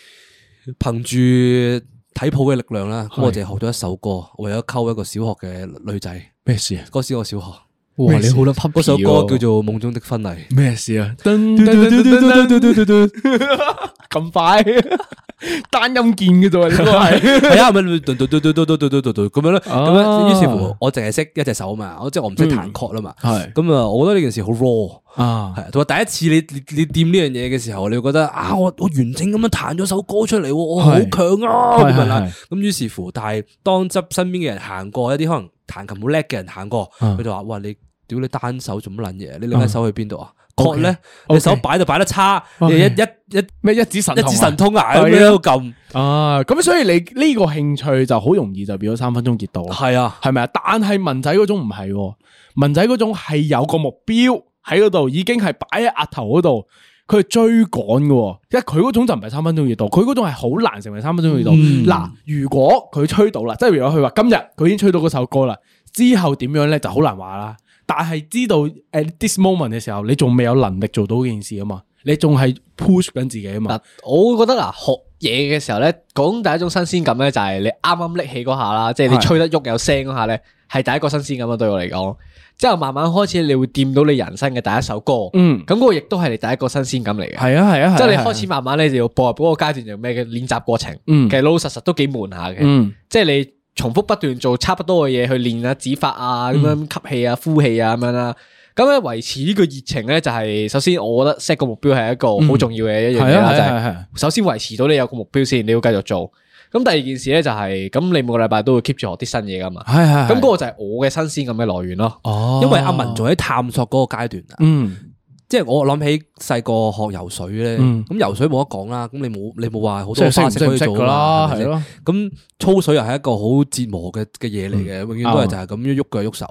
憑住睇譜嘅力量啦，咁的我淨係學咗一首歌，為咗溝一個小學嘅女仔。咩事啊？嗰時我小學。你好啦，嗰首歌叫做《夢中的婚禮》。咩事啊？咁快？單音鍵嘅就係係。係啊，咪噔噔噔噔噔噔噔噔咁樣咧。咁樣，於是乎我淨係識一隻手嘛，我即係我唔識彈曲啊嘛。係。咁啊，我覺得呢件事好 raw 啊。係。同埋第一次你你你掂呢樣嘢嘅時候，你會覺得啊，我我完整咁樣彈咗首歌出嚟，我好強啊咁咁於是乎，但係當執身邊嘅人行過，一啲可能彈琴好叻嘅人行過，佢就話：哇，你！屌你單手做乜撚嘢？你兩隻手去邊度啊？確咧，你手擺就擺得差，okay, 一、一、okay, 一咩一指神一指神通啊！咁樣喺度撳啊！咁、啊、所以你呢個興趣就好容易就變咗三分鐘熱度。係是啊，係咪啊？但係文仔嗰種唔係、哦，文仔嗰種係有個目標喺嗰度，已經係擺喺額頭嗰、哦、度，佢係追趕嘅。因為佢嗰種就唔係三分鐘熱度，佢嗰種係好難成為三分鐘熱度。嗱、嗯，如果佢吹到啦，即係如果佢話今日佢已經吹到嗰首歌啦，之後點樣咧就好難話啦。但係知道 at this moment 嘅時候，你仲未有能力做到件事啊嘛，你仲係 push 緊自己啊嘛。嗱，我覺得嗱，學嘢嘅時候呢，講第一種新鮮感呢，的就係你啱啱拎起嗰下啦，即係你吹得喐有聲嗰下呢，係第一個新鮮感啊！對我嚟講，之後慢慢開始你會掂到你人生嘅第一首歌，嗯，咁嗰個亦都係你第一個新鮮感嚟嘅。係啊係啊，即係你開始慢慢你就要步入嗰個階段，就咩嘅練習過程，嗯，其實老實實都幾悶下嘅，嗯，即係你。重複不斷做差不多嘅嘢去練啊指法啊咁樣吸氣啊呼氣啊咁樣啦，咁咧維持呢個熱情咧就係、是、首先我覺得 set 個目標係一個好重要嘅一樣嘢啦，嗯、就係首先維持到你有個目標先，你要繼續做。咁第二件事咧就係、是、咁你每個禮拜都會 keep 住學啲新嘢噶嘛，係係的。咁嗰個就係我嘅新鮮感嘅來源咯。哦，因為阿文仲喺探索嗰個階段啊。嗯。即係我諗起細個學游水咧，咁游水冇得講啦。咁你冇你冇話好多花式可以做啦，係咯。咁操水又係一個好折磨嘅嘅嘢嚟嘅，永遠都係就係咁樣喐腳喐手，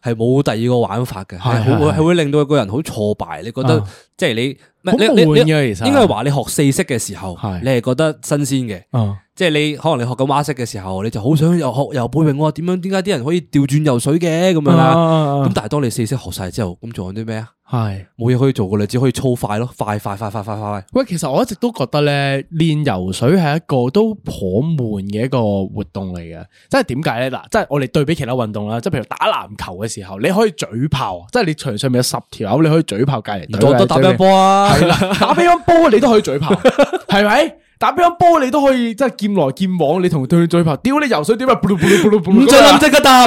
係冇第二個玩法嘅，係會令到一個人好挫敗。你覺得即係你唔係好應該話你學四式嘅時候，你係覺得新鮮嘅，即係你可能你學緊蛙式嘅時候，你就好想又學游背泳。點樣？點解啲人可以調轉游水嘅咁樣啦？咁但係當你四式學晒之後，咁做緊啲咩啊？係冇嘢可以做噶啦，你只可以操快咯，快快快快快快！喂，其實我一直都覺得咧，練游水係一個都頗悶嘅一個活動嚟嘅。即係點解咧？嗱，即係我哋對比其他運動啦，即係譬如打籃球嘅時候，你可以嘴炮，即係你場上面有十條友，你可以嘴炮隔籬。對我都打乒乓波啊，對 打乒乓波你都可以嘴炮，係咪？ 打乒乓波你都可以，即係劍來劍往，你同對面嘴炮。屌你游水點啊，唔識諗，唔准咁即刻答。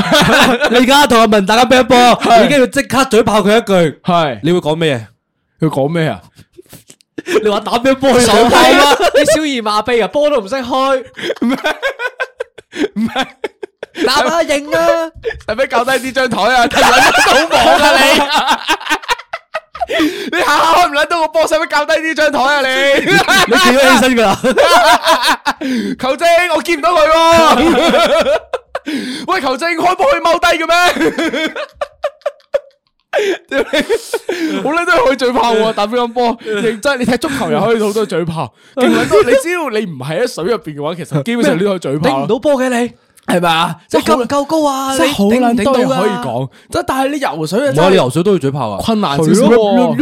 你而家同阿文打緊乒乓波，你而家要即刻嘴炮佢一句，係你會講咩嘢？佢講咩啊？你話打乒乓波，啲小兒麻痹啊，波都唔識開，唔係打啊，應啊，使唔使搞下呢張台啊？打到網啊你！你下下開唔甩到個波，使乜較低呢張台啊？你 你企起身噶啦， 球精，我見唔到佢喎、啊。 喂，球精，開波可以踎低嘅咩？好撚都係可以嘴炮，打乒乓波認真，你踢足球又可以好多嘴炮，勁唔勁？你只要你唔係喺水入邊嘅話，其實基本上你都可以嘴炮。頂唔到波嘅你。你係咪？即係夠唔夠高啊！頂硬頂到啦！即係但係你游水啊？唔係你游水都要嘴炮啊！困難，唔係唔係奧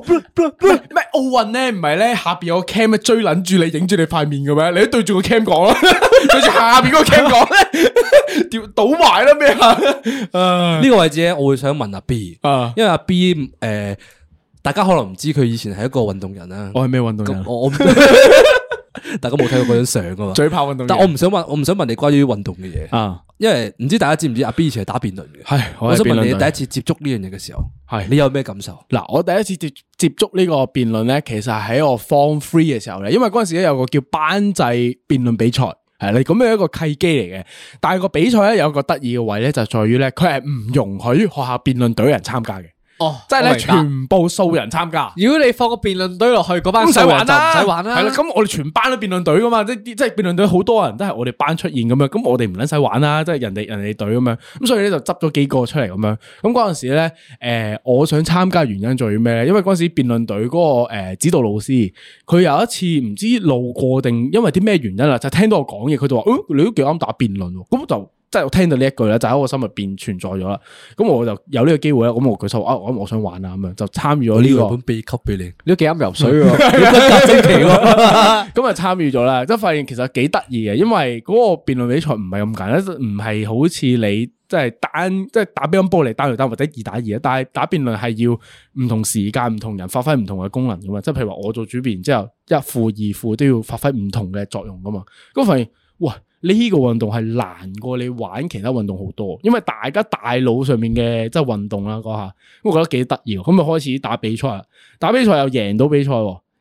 唔係奧運咧？唔係咧下邊有個 cam 追撚住你影住你塊面嘅咩？你都對住個 cam 講啦，對住下邊個 cam 講咧，掉倒埋啦咩啊？呢個位置咧，我會想問阿 B 啊，因為阿 B 誒，大家可能唔知佢以前係一個運動人啊。我係咩運動人？我我。 大家冇睇過嗰張相㗎嘛？最怕運動，但係我唔想問，我唔想問你關於運動嘅嘢啊。因為唔知大家知唔知阿 B 以前係打辯論嘅。係，我，我想問你，你第一次接觸呢樣嘢嘅時候，係唉你有咩感受？嗱，我第一次接接觸呢個辯論咧，其實係喺我 Form Three 嘅時候咧，因為嗰陣時咧有個叫班制辯論比賽係你，咁樣一個契機嚟嘅。但係個比賽咧有一個得意嘅位咧，就在於咧，佢係唔容許學校辯論隊人參加嘅。哦，即係咧，全部素人參加。如果你放個辯論隊落去，嗰班唔使玩啦。係啦，咁、嗯、我哋全班都辯論隊噶嘛，即係即係辯論隊好多人，都係我哋班出現咁樣。咁、嗯、我哋唔撚使玩啦，即係人哋人哋隊咁樣。咁、嗯、所以咧就執咗幾個出嚟咁樣。咁嗰陣時咧，誒、呃，我想參加原因在於咩咧？因為嗰陣時辯論隊嗰個誒、呃、指導老師，佢有一次唔知路過定因為啲咩原因啦，就是、聽到我講嘢，佢就話：哦、嗯，你都幾啱打辯論。咁就。即係我聽到呢一句咧，就喺、是、我心入邊存在咗啦。咁我就有呢個機會咧，咁我舉手，啊，咁我想玩啊，咁樣就參與咗呢個。本秘笈俾你，你都幾啱游水，咁啊， 真係好神奇。咁啊，參與咗啦，即係發現其實幾得意嘅，因為嗰個辯論比賽唔係咁簡單，唔係好似你即係單即係、就是、打乒乓波嚟單對單或者二打二啊，但係打辯論係要唔同時間、唔同人發揮唔同嘅功能噶嘛。即係譬如話我做主辯之後，一副二副都要發揮唔同嘅作用噶嘛。咁發現，哇！呢個運動係難過你玩其他運動好多，因為大家大腦上面嘅即係運動啦，講下，咁我覺得幾得意，咁咪開始打比賽啦。打比賽又贏到比賽，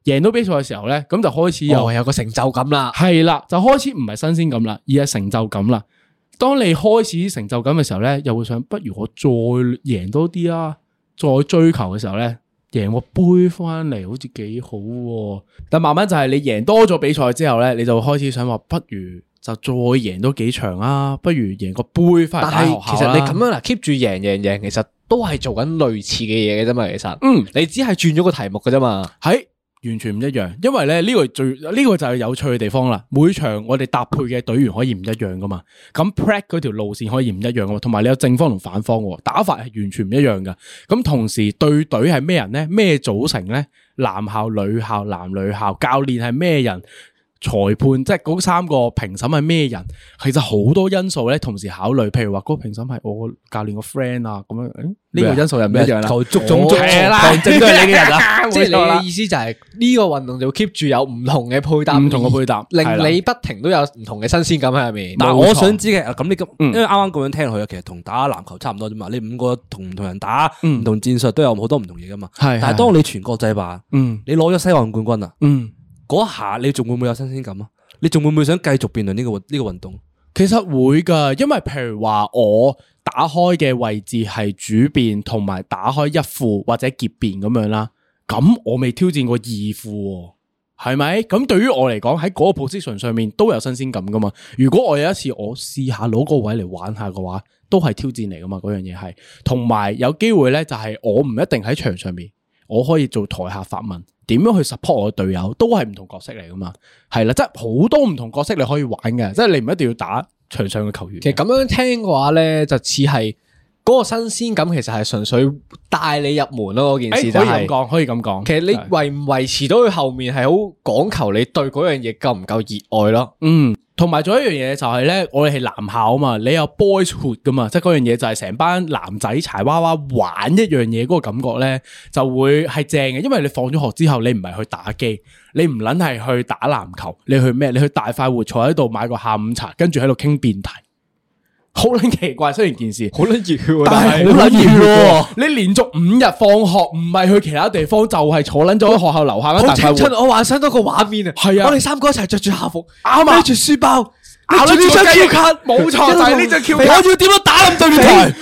贏到比賽嘅時候咧，咁就開始有、哦、有個成就感啦。係啦，就開始唔係新鮮感啦，而係成就感啦。當你開始成就感嘅時候咧，又會想，不如我再贏多啲啦，再追求嘅時候咧，贏個杯翻嚟好似幾好。但慢慢就係、是、你贏多咗比賽之後咧，你就開始想話，不如。就再贏多幾場啊！不如贏個杯翻嚟打學校啦。但係其實你咁樣啦，keep 住贏贏贏，其實都係做緊類似嘅嘢嘅啫嘛。其實，嗯，你只係轉咗個題目噶啫嘛。係完全唔一樣，因為咧呢、這個最呢、這個就係有趣嘅地方啦。每場我哋搭配嘅隊員可以唔一樣噶嘛。咁 practice 嗰條路綫可以唔一樣噶，同埋你有正方同反方嘅打法係完全唔一樣噶。咁同時對隊係咩人咧？咩組成咧？男校、女校、男女校，教練係咩人？裁判即係嗰三個評審係咩人？其實好多因素咧，同時考慮，譬如話嗰個評審係我教練個 friend 啊，咁樣誒呢個因素又咩？一樣啦。求足總啦，即係你嘅人，即係你嘅意思就係呢個運動就 keep 住有唔同嘅配搭，唔同嘅配搭，令你不停都有唔同嘅新鮮感喺入面。嗱，我想知嘅，咁你因為啱啱咁樣聽落去，其實同打籃球差唔多啫嘛。你五個同唔同人打，唔同戰術都有好多唔同嘢噶嘛。係，但係當你全國際化，嗯，你攞咗西岸冠軍啊，嗯。嗰一下你仲會唔會有新鮮感啊？你仲會唔會想繼續辯論呢個運呢個運動？其實會噶，因為譬如話我打開嘅位置係主辯，同埋打開一副或者結辯咁樣啦。咁我未挑戰過二副，係咪？咁對於我嚟講，喺嗰個 position 上面都有新鮮感噶嘛。如果我有一次我試下攞個位嚟玩下嘅話，都係挑戰嚟噶嘛。嗰樣嘢係，同埋有機會呢，就係我唔一定喺場上面，我可以做台下發問。點樣去 support 我嘅隊友都係唔同角色嚟噶嘛。係啦，即係好多唔同角色你可以玩嘅，即係你唔一定要打場上嘅球員。其實咁樣聽嘅話咧，就似係嗰個新鮮感，其實係純粹帶你入門咯。嗰件事，就係欸，可以咁講，可以咁講。其實你維唔維持到佢後面係好講求你對嗰樣嘢夠唔夠熱愛咯。嗯。同埋仲有一樣嘢就係咧，我哋係男校啊嘛，你有 boyshood 噶嘛，即係嗰樣嘢就係成班男仔柴娃娃玩一樣嘢嗰個感覺咧，就會係正嘅，因為你放咗學之後，你唔係去打機，你唔撚係去打籃球，你去咩？你去大快活坐喺度買個下午茶，跟住喺度傾變態。好捻奇怪，雖然件事好捻熱，但係好捻熱喎。你連續五日放學，唔係去其他地方，就係坐捻咗喺學校樓下。好青春！我幻想到個畫面啊，係啊，我哋三個一齊着住校服，咬住書包，咬住呢張冇錯，就係呢張票我要點樣打落對台？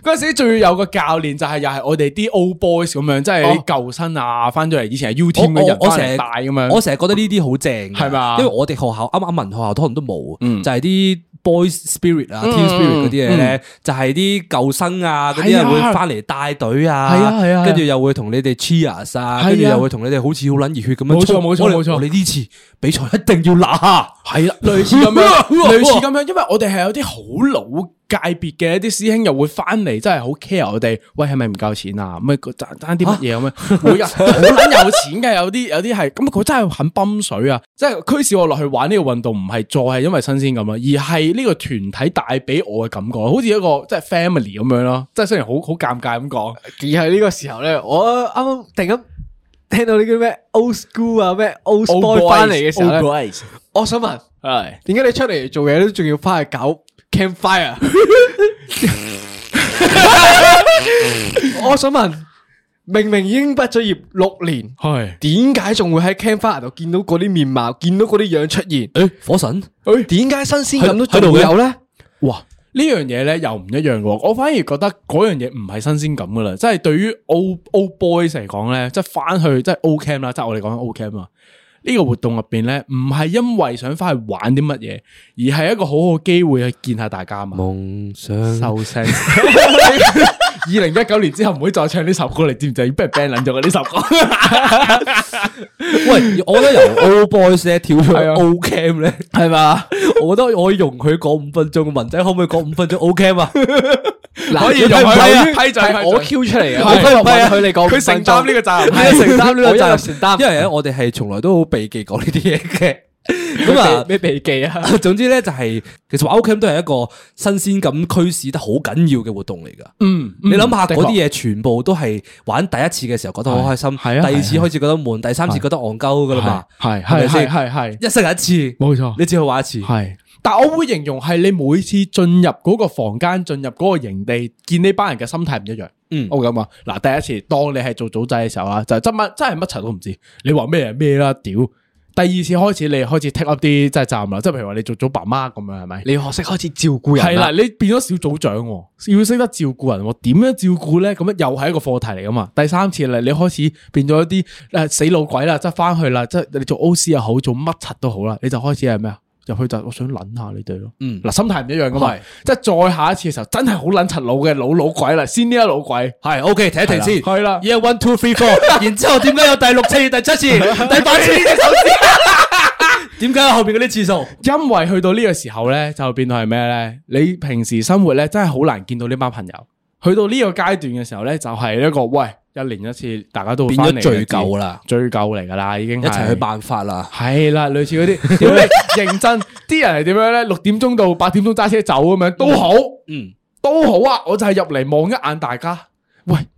嗰陣時仲有個教練，就係又係我哋啲 old boys 咁樣，即係舊生啊，翻咗嚟以前係 U team 嘅人，我成日帶咁樣，我成日覺得呢啲好正，係嘛？因為我哋學校啱啱文學校可能都冇，嗯，就係啲。Boys spirit 啊，Team spirit 嗰啲嘢咧，就係啲舊生啊，嗰啲人會翻嚟帶隊啊，跟住又會同你哋 cheers 啊，跟住又會同你哋好似好捻熱血咁樣，冇錯冇錯冇錯，我哋呢次比賽一定要拿下，係啦，類似咁樣，類似咁樣，因為我哋係有啲好老。界別嘅一啲師兄又會翻嚟，真係好 care 我哋。喂，係咪唔夠錢啊？咪爭爭啲乜嘢咁啊？每日好捻有錢嘅，有啲有啲係咁，佢真係肯泵水啊！即係驅使我落去玩呢個運動，唔係再係因為新鮮咁啊，而係呢個團體帶俾我嘅感覺，好似一個即係 family 咁樣咯。即係雖然好好尷尬咁講，而係呢個時候咧，我啱啱突然間聽到呢啲咩 old school 啊，咩 old boy 翻嚟嘅時候咧 old boys. 我想問係點解你出嚟做嘢都仲要翻去搞？Campfire， 我想問，明明已經畢咗業六年，點解仲會喺 Campfire 度見到嗰啲面貌，見到嗰啲樣出現？誒、欸，火神，誒、欸，點解新鮮感都仲有咧？哇，呢樣嘢咧又唔一樣喎！我反而覺得嗰樣嘢唔係新鮮感噶啦，即係對於 Old Old Boys 嚟講咧，即係翻去即係、就是、Old Camp 啦，即係我哋講緊 Old Camp 啊。呢個活動入邊呢，唔係因為想翻去玩啲乜嘢，而係一個好好機會去見下大家嘛。夢想收聲。 二零一九年之後唔會再唱呢首歌你知唔知？俾人 band 撚咗嘅呢首歌。喂，我覺得由 All Boys 咧跳翻 Old Cam 咧，係嘛？我覺得我容 用佢講五分鐘，文仔可唔可以講五分鐘？OK 嘛？可以用佢批就係我 Q 出嚟啊！批批佢嚟講，佢承擔呢個責任，承擔呢個責任，承擔。 因為咧，我哋係從來都好避忌講呢啲嘢嘅。咁啊，咩秘技啊？總之咧，就係其實玩 O camp 都係一個新鮮感驅使得好緊要嘅活動嚟噶。嗯，你諗下，嗰啲嘢全部都係玩第一次嘅時候覺得好開心，第二次開始覺得悶，第三次覺得戇鳩噶啦嘛，係係係係一生一次，冇錯，你只可玩一次。係，但我會形容係你每次進入嗰個房間、進入嗰個營地，見呢班人嘅心態唔一樣。嗯，我咁話，嗱，第一次當你係做組仔嘅時候啊，就真乜真係乜柒都唔知，你話咩係咩啦，屌！第二次開始，你開始 take up 啲即係責任啦，即係譬如話你做咗爸媽咁樣係咪？你要學識開始照顧人。係啦，你變咗小組長喎，要識得照顧人喎。點樣照顧咧？咁又係一個課題嚟噶嘛。第三次嚟，你開始變咗一啲誒、呃、死老鬼啦，即係翻去啦，即係你做 O C 又好，做乜柒都好啦，你就開始係咩啊？入去就我想諗下你哋咯，嗯，嗱心態唔一樣噶嘛是，嗯、即係再下一次嘅時候，真係好捻柒老嘅老老鬼啦，先呢一老鬼係，OK，停一停先，係啦的，而家 one two three four，然之後點解有第六次、第七次、 第八次呢？點解 有後邊嗰啲次數？因為去到呢個時候咧，就變到係咩咧？你平時生活咧真係好難見到呢班朋友，去到呢個階段嘅時候咧，就係、是、一個喂。一年一次，大家都變咗追舊啦，追舊嚟噶啦，已經一齊去辦法啦，係啦，類似嗰啲，因為認真啲 人係點樣咧？六點鐘到八點鐘揸車走咁樣都好，嗯，都好啊！我就係入嚟望一眼大家，喂。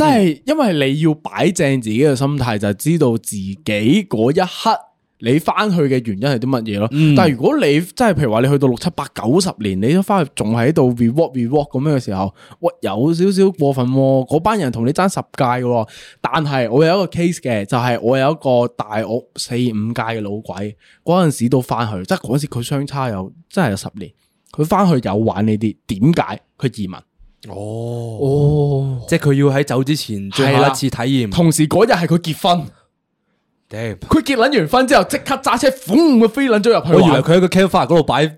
即係、嗯、因為你要擺正自己嘅心態，就知道自己嗰一刻你翻去嘅原因係啲乜嘢咯。嗯、但係如果你真係，譬如話你去到六七八九十年，你都翻去仲喺度 rewalk rewalk 咁樣嘅時候，喂，有少少過分啊。嗰班人同你爭十屆嘅，但係我有一個 case 嘅，就係、是、我有一個大我四五屆嘅老鬼，嗰陣時都翻去，即係嗰時佢相差有，真係有十年，佢翻去有玩呢啲，點解佢移民？哦，oh, oh. 即係佢要喺走之前最後一次體驗，同時嗰日係佢結婚佢 Damn. 結捻完婚之後即刻揸車，飛捻咗入去。我以為佢喺個 campfire 嗰度擺，唔係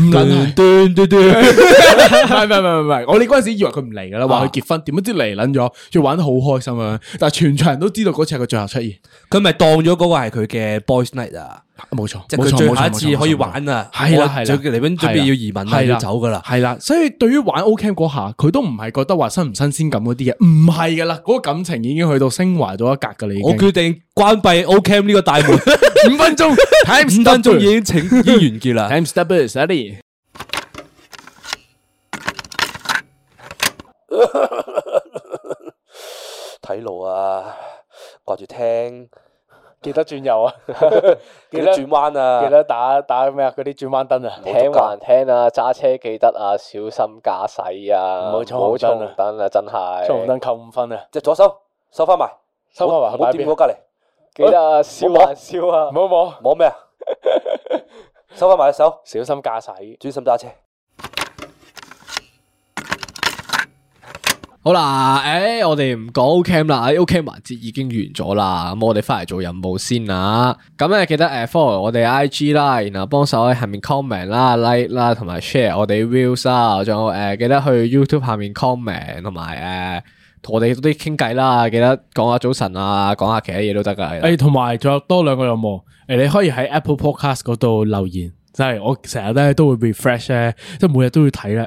唔係唔係唔係，我哋嗰陣時以為佢唔嚟噶啦，話佢結婚，點解知嚟捻咗？要玩得好開心啊！但係全場人都知道嗰次係佢最後出現，佢咪當咗嗰個係佢嘅 boys night 啊！冇錯，錯，即係佢最，錯最後一次可以玩啦了，係啦了，就嚟緊準備要移民啦，了要走噶啦，係啦，所以對於玩 O-Camp 嗰下，佢都唔係覺得話新唔新鮮感嗰啲嘢，唔係噶啦，嗰、那個感情已經去到升華咗一格噶啦，我決定關閉 O-Camp 呢個大門， 五分鐘，五分鐘已經請已經完結啦睇 路啊，掛住聽。記得轉右啊！記得轉彎啊！記得打打咩啊？嗰啲轉彎燈啊！聽還聽啊？揸車記得啊，小心駕駛啊！冇錯，冇錯啊！燈啊，真係衝紅燈扣五分啊！隻左手收翻埋，收翻埋，冇掂住我隔籬。記得啊，笑啊，笑啊，冇冇，冇咩啊？收翻埋隻手，小心駕駛，專心揸車。好啦，誒、欸，我哋唔講 O.K. 啦，O.K. 環節已經完咗啦，咁、嗯、我哋返嚟做任務先啊。咁、嗯、咧記得誒 follow 我哋 I.G 啦，然後幫手喺下面 comment 啦、like 啦，同埋 share 我哋 views 啦，仲有誒、呃、記得去 YouTube 下面 comment，同埋誒同、呃、我哋多啲傾偈啦，記得講下早晨啊，講下其他嘢都得㗎。誒，同埋仲有多兩個任務，誒你可以喺 Apple Podcast 嗰度留言，即、就、係、是、我成日咧都會 refresh 咧，即係每日都會睇咧。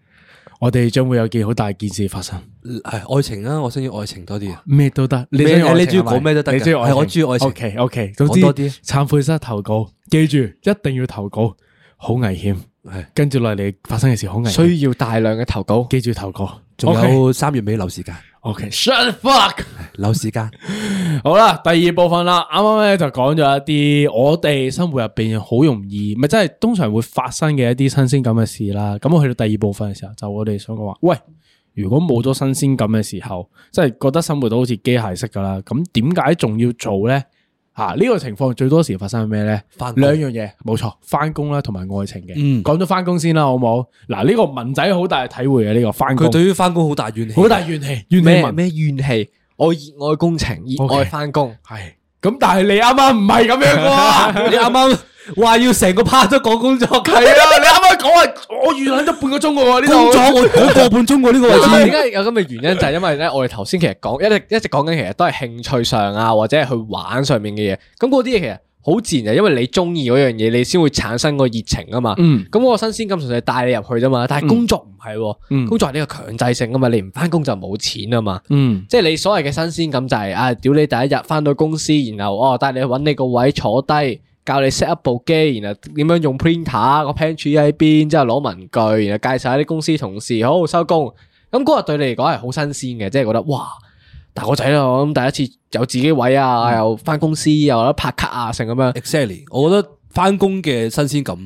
我哋將會有件好大件事發生，係、哎、愛情啦、啊，我想要愛情多啲。咩都得，你是是你中意講咩都得，係我中意愛情。O K O K，總之多啲。懺悔室投稿，記住一定要投稿，好危險。係跟住落嚟發生嘅事好危險，需要大量嘅投稿，記住投稿，仲有三月尾留時間。Okay OK，shut the fuck，留時間。 好啦，第二部分啦，啱啱咧就講咗一啲我哋生活入邊好容易，唔係即係通常會發生嘅一啲新鮮感嘅事啦。咁我去到第二部分嘅時候，就我哋想講話，喂，如果冇咗新鮮感嘅時候，即係覺得生活都好似機械式噶啦，咁點解仲要做咧？嗱，呢、啊，這個情況最多時發生咩咧？返工兩樣嘢，冇錯，返工啦，同埋愛情嘅。嗯，講咗返工先啦，好冇？嗱，呢個文仔好大嘅體會啊，呢、這個返工，佢對於返工好大怨氣，好大怨氣，咩咩怨氣？我熱愛工程，熱愛返工，係、okay。咁但係你啱啱唔係咁樣噶，啊， 你啱啱話要成個 part 都講工作，係啦， 啊，你啱啱講啊，我預諗咗半個鐘噶喎，呢度工作我講，啊、 個半鐘噶呢個位置。點解有咁嘅原因就係、是、因為咧，我哋頭先其實講一直一直講緊，其實都係興趣上啊，或者係去玩上面嘅嘢。咁嗰啲嘢。其實好自然啊，因為你中意嗰樣嘢，你先會產生個熱情啊嘛。咁嗰、嗯、個新鮮感純粹係帶你入去啫嘛。但係工作唔係，嗯、工作係一個強制性啊嘛。你唔翻工就冇錢啊嘛。即係你所謂嘅新鮮感就係、是、啊，屌你第一日翻到公司，然後我、啊、帶你去揾你個位坐低，教你 set 一部機，然後點樣用 printer，個 pantry 喺邊，之後攞文具，然後介紹下啲公司同事，好收工。咁嗰日對你嚟講係好新鮮嘅，即係覺得哇～大個仔啦，我諗第一次有自己位啊，又翻公司，又啦拍卡啊，成咁樣。Exactly，我覺得翻工嘅新鮮感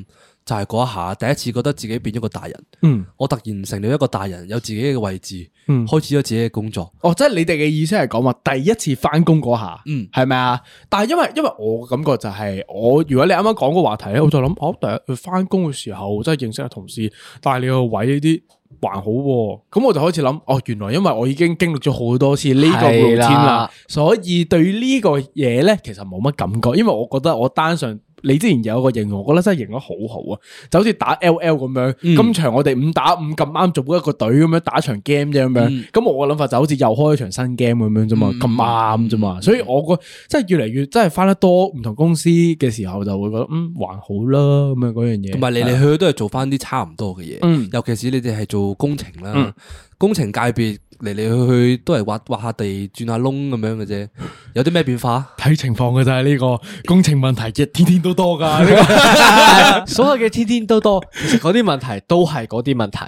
就係、是、嗰一下，第一次覺得自己變咗個大人。嗯，我突然成了一個大人，有自己嘅位置，嗯，開始咗自己嘅工作。哦，即係你哋嘅意思係講話第一次翻工嗰下，嗯，係咪啊？但係因為因為我感覺就係、是、我，如果你啱啱講個話題咧，我就諗，哦，第一去翻工嘅時候真係認識咗同事，但係你個位呢啲。還好喎、啊，咁我就開始諗，哦，原來因為我已經經歷咗好多次呢個露天啦，是的 所以對呢個嘢咧，其實冇乜感覺，因為我覺得我單純。你之前有個形容，我覺得真係形容得好好啊，就好似打 L L 咁樣。嗯、今場我哋五打五咁啱做組一個隊咁樣打場 game 啫咁樣。咁、嗯、我個諗法就好似又開一場新 game 咁樣啫嘛，咁啱啫嘛。嗯、所以我個即係越嚟越真係翻得多唔同公司嘅時候，就會覺得嗯，還好啦咁樣嗰樣嘢，同埋嚟嚟去去都係做翻啲差唔多嘅嘢，嗯、尤其是你哋係做工程啦。嗯工程界別嚟嚟去去都係挖挖下地，轉下窿咁樣嘅啫，有啲咩變化？睇情況嘅就係呢、這個工程問題，即天天都多噶。所有嘅天天都多，嗰啲問題都係嗰啲問題，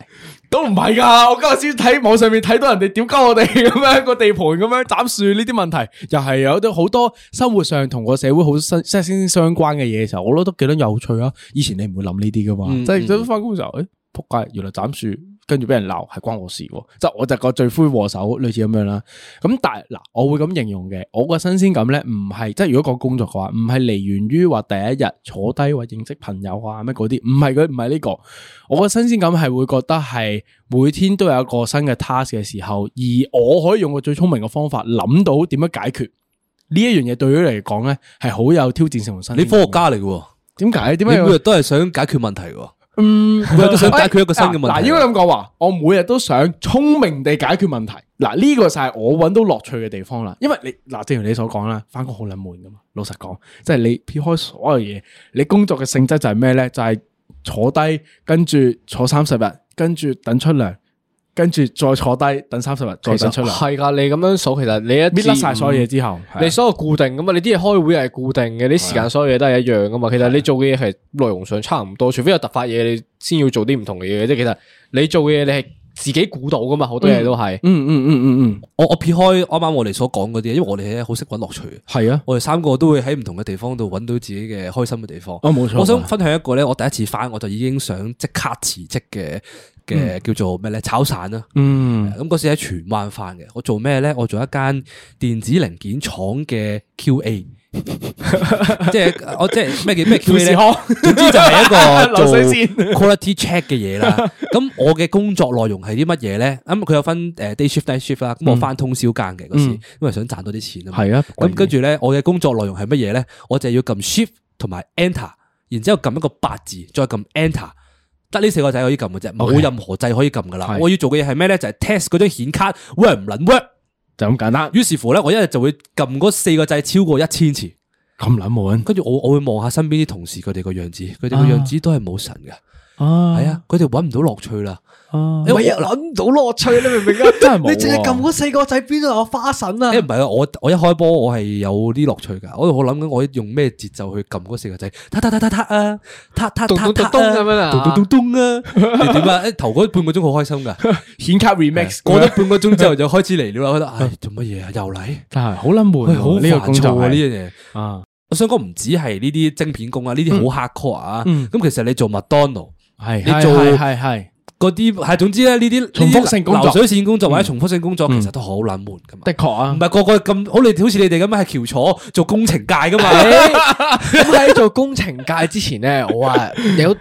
都唔係噶。我今日先睇網上面睇到人哋點鳩我哋咁 樣個地盤咁樣斬樹呢啲問題，又係有啲好多生活上同個社會好息息相關嘅嘢嘅時候，我都覺得幾多有趣啊。以前你唔會諗呢啲噶嘛，嗯、即係想翻工嘅時候，誒、哎，仆街，原來斬樹。跟住俾人鬧係關我事，即係我就係個罪魁禍首類似咁樣啦。咁但係嗱，我會咁形容嘅，我個新鮮感咧唔係，即係如果講工作嘅話，唔係嚟源於話第一日坐低或認識朋友啊咩嗰啲，唔係佢唔係呢個。我個新鮮感係會覺得係每天都有一個新嘅 task 嘅時候，而我可以用個最聰明嘅方法諗到點樣解決呢一樣嘢，對於嚟講咧係好有挑戰性同新。你科學家嚟嘅，點解？點解？你每日都係想解決問題嘅？嗯， 我都想解決一個新嘅問題，哎。嗱、啊，應該咁講話，我每日都想聰明地解決問題。嗱，呢、這個就係我揾到樂趣嘅地方啦。因為你嗱，正如你所講啦，翻工好撚悶噶嘛。老實講，即係你撇開所有嘢，你工作嘅性質就係咩呢？就係、是、坐低，跟住坐三十日，跟住等出糧。跟住再坐低等三十日再出嚟，係噶你咁樣數，其實你一搣甩晒所有嘢之後，你所有固定噶嘛。你啲嘢開會係固定嘅，你啲時間所有嘢都係一樣噶嘛。的其實你做嘅嘢係內容上差唔多，除非有突發嘢，你先要做啲唔同嘅嘢。即係其實你做嘅嘢，你係。自己估到噶嘛，好多嘢都係是、嗯。嗯嗯嗯嗯嗯，嗯我我撇開啱啱我哋所講嗰啲嘢，因為我哋好識揾樂趣嘅。係啊的，我哋三個都會喺唔同嘅地方度揾到自己嘅開心嘅地方。冇錯、哦。我想分享一個咧，我第一次翻我就已經想即刻辭職嘅嘅，叫做咩咧？炒散啊。嗯，咁嗰時喺荃灣翻嘅，我做咩咧？我做一間電子零件廠嘅 QA。 即係我即係咩叫咩 QV 咧？總之就係一個做 quality check 嘅嘢啦。咁我嘅工作內容係啲乜嘢咧？咁佢有分誒 day shift night shift 啦。咁我翻通宵更嘅嗰時，嗯、因為想賺多啲錢啊嘛。係啊。咁跟住咧，我嘅工作內容係乜嘢咧？我就要撳 shift 同埋 enter，然之後撳一個八字，再撳 enter，得呢四個掣可以撳嘅啫，冇任何掣可以撳噶啦。Okay. 我要做嘅嘢係咩咧？就係、是、test 嗰張顯卡 work 唔能，能 work。就咁簡單，於是乎呢，我一日就會撳嗰四個掣超過一千次。咁捻悶，跟住我我會望下身邊啲同事佢哋個樣子，佢哋個樣子都係冇神㗎。啊係啊，佢哋揾唔到樂趣啦，每一揾唔到樂趣，你明唔明啊？真係你淨係撳嗰四個仔邊度有花神啊？誒唔係啊，我我一開波我係有啲樂趣噶，我我諗緊我用咩節奏去撳嗰四個仔，嗒嗒嗒嗒嗒啊，嗒嗒嗒嗒啊，咚咚咚咚啊，點啊？誒頭嗰半個鐘好開心噶，顯卡 remix 過咗半個鐘之後就開始嚟，啦，覺得做乜嘢啊？又嚟，真係好撚悶，好煩躁呢啲嘢啊！我想講唔止係呢啲晶片工啊，呢啲好 hard call 啊，咁其實你做麥當勞。係你做係係嗰啲係，是是是是總之咧呢啲重複性工作、流水線工作、嗯、或者重複性工作，其實都好冷門噶嘛。嗯、的確啊，唔係個個咁好你，你好似你哋咁啊，係喬楚做工程界噶嘛。咁喺、 欸、做工程界之前咧， 我啊